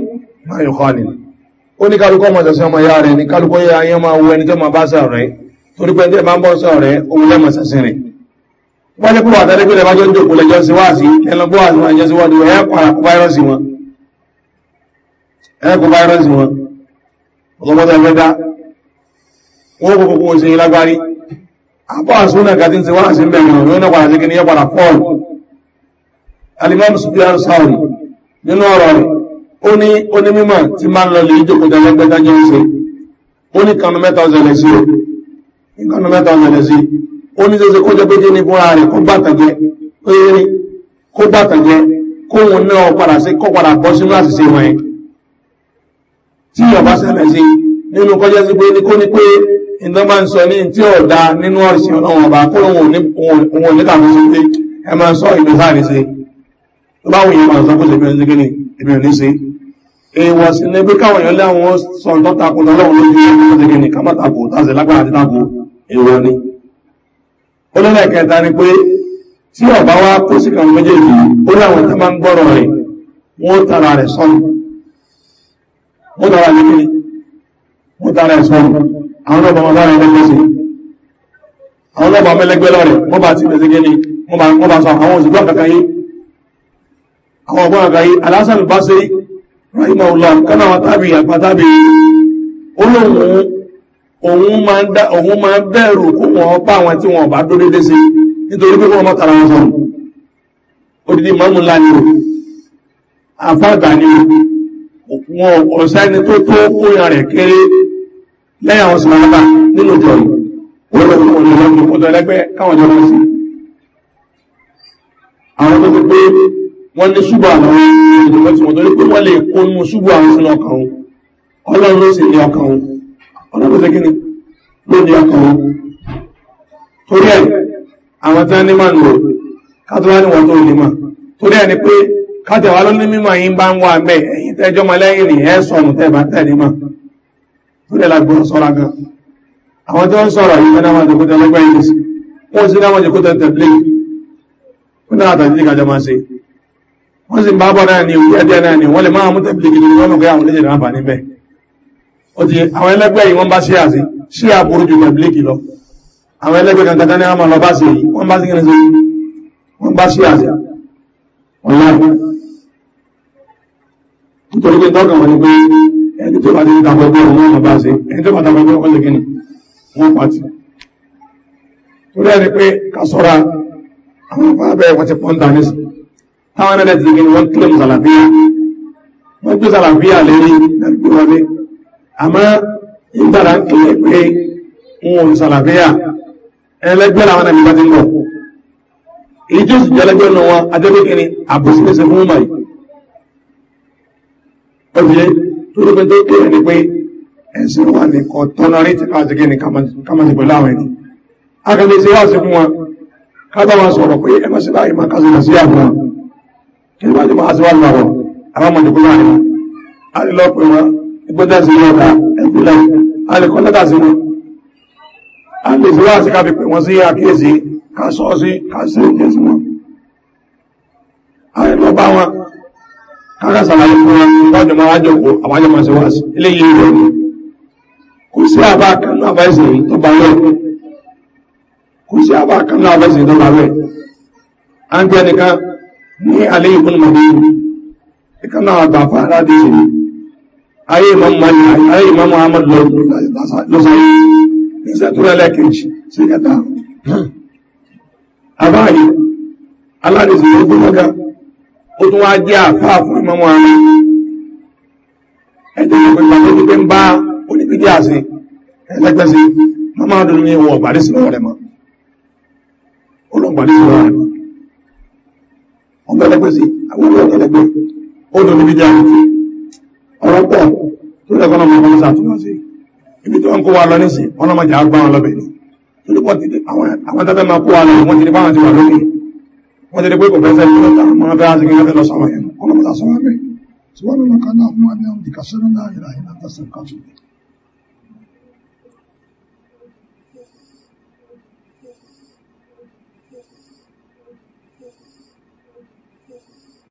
máa yóò khalil ó ní kálukọ́ ọmọ ìṣẹ̀ṣẹ̀ ọmọ ìyá rẹ̀ ní kálukọ́ yẹ ayé máa wo ẹni tó máa bá sọ̀rọ̀ rẹ̀ torí pé ẹni tó máa ń bọ́ sọ̀rọ̀ rẹ̀ òun lẹ́mọ̀ sẹ́sẹ̀ rẹ̀ wọ́n jẹ́ púpọ̀ àtàrí pé lẹ́bàjọ́ ń jòkó lẹ́jọ́ sí wáàsí ẹlọgbọ́ àti wọn jẹ́ sí wọ́n ni wọ́n ẹ̀kọ́ fáírọ́sì wọn ẹ̀kọ́ fáírọ́sì wọn ọlọ́mọdé ẹgbẹ́dá wọ́n kò kòkòrò sí lágbárí àpọ̀ àsúnà kàtí ń ti wáàsí mẹ́rin òun náà padà sí kí ní yẹ́ padà fọ́ọ̀lù alimami sufiyan sáwọ̀rì nínú ọ̀rọ̀ rẹ̀ ó ní onímọ̀ tí máa ń lọ lè jókòó jẹ́ lẹ́gbẹ́dájọ́ ń ṣe ó ní kanu mẹ́ta ọ̀sẹ̀lẹ̀ sí o ní kanu mẹ́ta ọ̀sẹ̀lẹ̀ sí ó ní ṣeṣe kó jẹ́ pé jẹ́ ní fúnra rẹ̀ kó bàtàjẹ́ ó yẹ ní kó bàtàjẹ́ kó wọn náà padà sí kó padà bọ́ sínú àṣìṣe wọn yẹn tí ìyọ̀bá ṣẹlẹ̀ sí nínú kọjá sí pé kó ní pé ìdán ní tí ò da nínú ọ̀rìṣẹ́ ọlọ́wọ̀n ọba kó wọn ò ní kàmú sí pé ẹ máa ń sọ ìdúsáàrí sí i báwọn èèyàn àti ọkọ̀ ṣẹ̀bí ọ̀nà gíní ẹ̀bí ọ̀nà ṣe èèwọ̀ sí ní pé káwọn èèyàn láwọn sọ̀n tó takò lọ́wọ́ lójú ọ̀nà gíní ká má takò tàṣẹ lágbára àti takò èèwọ̀ ni ó lọ́lẹ̀ kẹta ni pé tí ọ̀bá wa kó sí kan méjèèjì ó láwọn tó máa ń gbọ́rọ̀ rẹ̀ wọ́n tara rẹ̀ sọ́nù wọ́n tara rẹ̀ gíní wọ́n tara rẹ̀ sọ́nù àwọn ọba wọn lára ẹgbẹ́ sí àwọn ọba mẹ́lẹ́gbẹ́ lọ́rẹ̀ wọ́n bá ti mẹ́sẹ̀ gíní wọ́n bá sọ àwọn òṣìṣẹ́ kankan yìí àwọn ọgbọ́n àgbáyé alásàn bá sí rahimahullah kánà wọn tábì àgbàtábì olóhùn òun máa ń bẹ̀rù kó wọn pa àwọn tí wọn bá dó dédé sí nítorí pé wọn mọ́ tara wọn sọ̀rọ̀ odidi mọ́mú ńlá ni o afáàgbà ni o wọn ọ̀sẹ́ni tó tó kóyàn rẹ̀ kéré lẹ́yìn àwọn sàmàlàbà nínú ìjọ jọ àwọn tó ti pé wọ́n ní ṣúgbà àwọn ìdìbò tí wọ́n tó ní pé wọ́n lè kó nínú ṣúgbà àwọn sínú ọkàn wọn ọlọ́run ló sì ní ọkàn wọn ọlọ́run ló kíni ló ní ọkàn wọn torí ẹ̀ àwọn tí wọ́n ní máa ń lò kátó wọ́n tó ní mà torí ẹ̀ ni pé kátó ló ní yín la gan àwọn tí yìí náà wọ́n sì ń bá bọ̀ náà ni òye ẹ̀dẹ́ náà ni wọ́n lè máa mú tẹ̀bílì gidi wọ́n lò pé àwọn méjèèjì náà bà níbẹ̀ ó ti àwọn ẹlẹ́gbẹ́ yìí wọ́n bá ṣíà sí ṣíà burú ju tẹ̀bílì gidi lọ àwọn ẹlẹ́gbẹ́ kankan tán ní àwọn ọlọ́bá sí yìí wọ́n bá sí kí ni sí wọ́n bá ṣíà sí wọ́n láàbù nítorí pé tọ́kàn wọn ni pé ẹni tó bá ti dàgbọ́ gbọ́ wọn ọmọ bá ṣe ẹni tó táwọn ẹ̀rẹ́ ti gẹ́gẹ́ wọ́n kílẹ̀ sàlàfíà wọ́n tó sàlàfíà lẹ́rí lẹ́gbẹ́ wọlé àmọ́ ìgbàlá ń kílẹ̀ pé wọn ò sàlàfíà ẹlẹ́gbẹ́ làwọn ẹ̀mí bá ti ń bọ̀ èyí tó sì jẹ́lẹ́gbẹ́ nù wọn adébẹ́kẹ́ni àbòsílẹ̀sẹ̀ fún mọ̀ yìí obìnrin tó ló pẹ́ tó kéèrè ni pé ẹ̀sìn wà nìkan tọ́nà rí ti káàtì kí ni kàmàtì pẹ̀lú àwọn ẹni akẹ́lẹ́ sí wá sí fún wọn ká bá wọn sọ̀rọ̀ pé ẹ̀mọ́sí báyìí máa kásìlẹ̀ sí àwọn kí ni wọ́n ti máa ṣe wá ní àwọn àwọn ọmọdé kúrò àárín a lè lọ pé wọn ìgbọ́dọ̀ sí ilé ọ̀gá ẹ̀kúnlẹ̀ a lè kọ́ lẹ́tà sí wọn a lè sí wá sí ká fi pè wọ́n sí àkíyèsí ká sọ sí ká sí oúnjẹ sí wọn a bá wọn káká sàlàyé fún wọn lọ́jọ́ máa wájọ kó àwọn àjọ sí ilé yìí rẹ̀ ni kò sí àbá kan náà tó bá rẹ̀ kò sí àbá kan náà tó bá rẹ̀ ní alẹ́ ìkún mọ̀déyìn ìkànnà àgbàfà aládé ayé ìmọ̀ muhammad lọ́sàáyé ìṣẹ́ tó rẹ̀ lẹ́kẹ̀ẹ́jì sí kẹta àbáyé aládìsí ló gbọ́n mọ́gá ó tún wá jẹ́ àfáà fún ìmọ̀ muhammad ẹ̀dẹ̀ ìpínlẹ̀ tó ti pé ń bá oníbídí àṣẹ ẹ̀lẹ́gbẹ́sí mọ́mọ́ ọdún ní ìwọ̀n ọ̀gbàdísí lọ́wọ́ rẹ̀ mọ́ ọlọ́gbàdísí lọ́wọ́ rẹ̀ mọ́ wọ́n gbẹ́lẹ́gbẹ́ sí àwúrò ọ̀gẹ́lẹ́gbẹ́ ó dùn níbi jẹ́ àmì ọ̀rọ̀ pọ̀ tó lẹ́kọ́ náà mọ́ sàtúnmọ́ sí ibi tí wọ́n kó wa lọ ní sí wọ́n náà mọ̀jà agbára lọ́bẹ̀ ni torí pọ̀ ti àwọn tẹ́fẹ́ máa kó wa lọ wọ́n ti ní báwọn ti wà lórí wọ́n ti ní pé kò fẹ́ fẹ́ lọ́ta mọ́ fẹ́ láti kí wọ́n fẹ́ lọ sọ̀rọ̀ yẹn wọ́n lọ́mọ́ta sọ̀rọ̀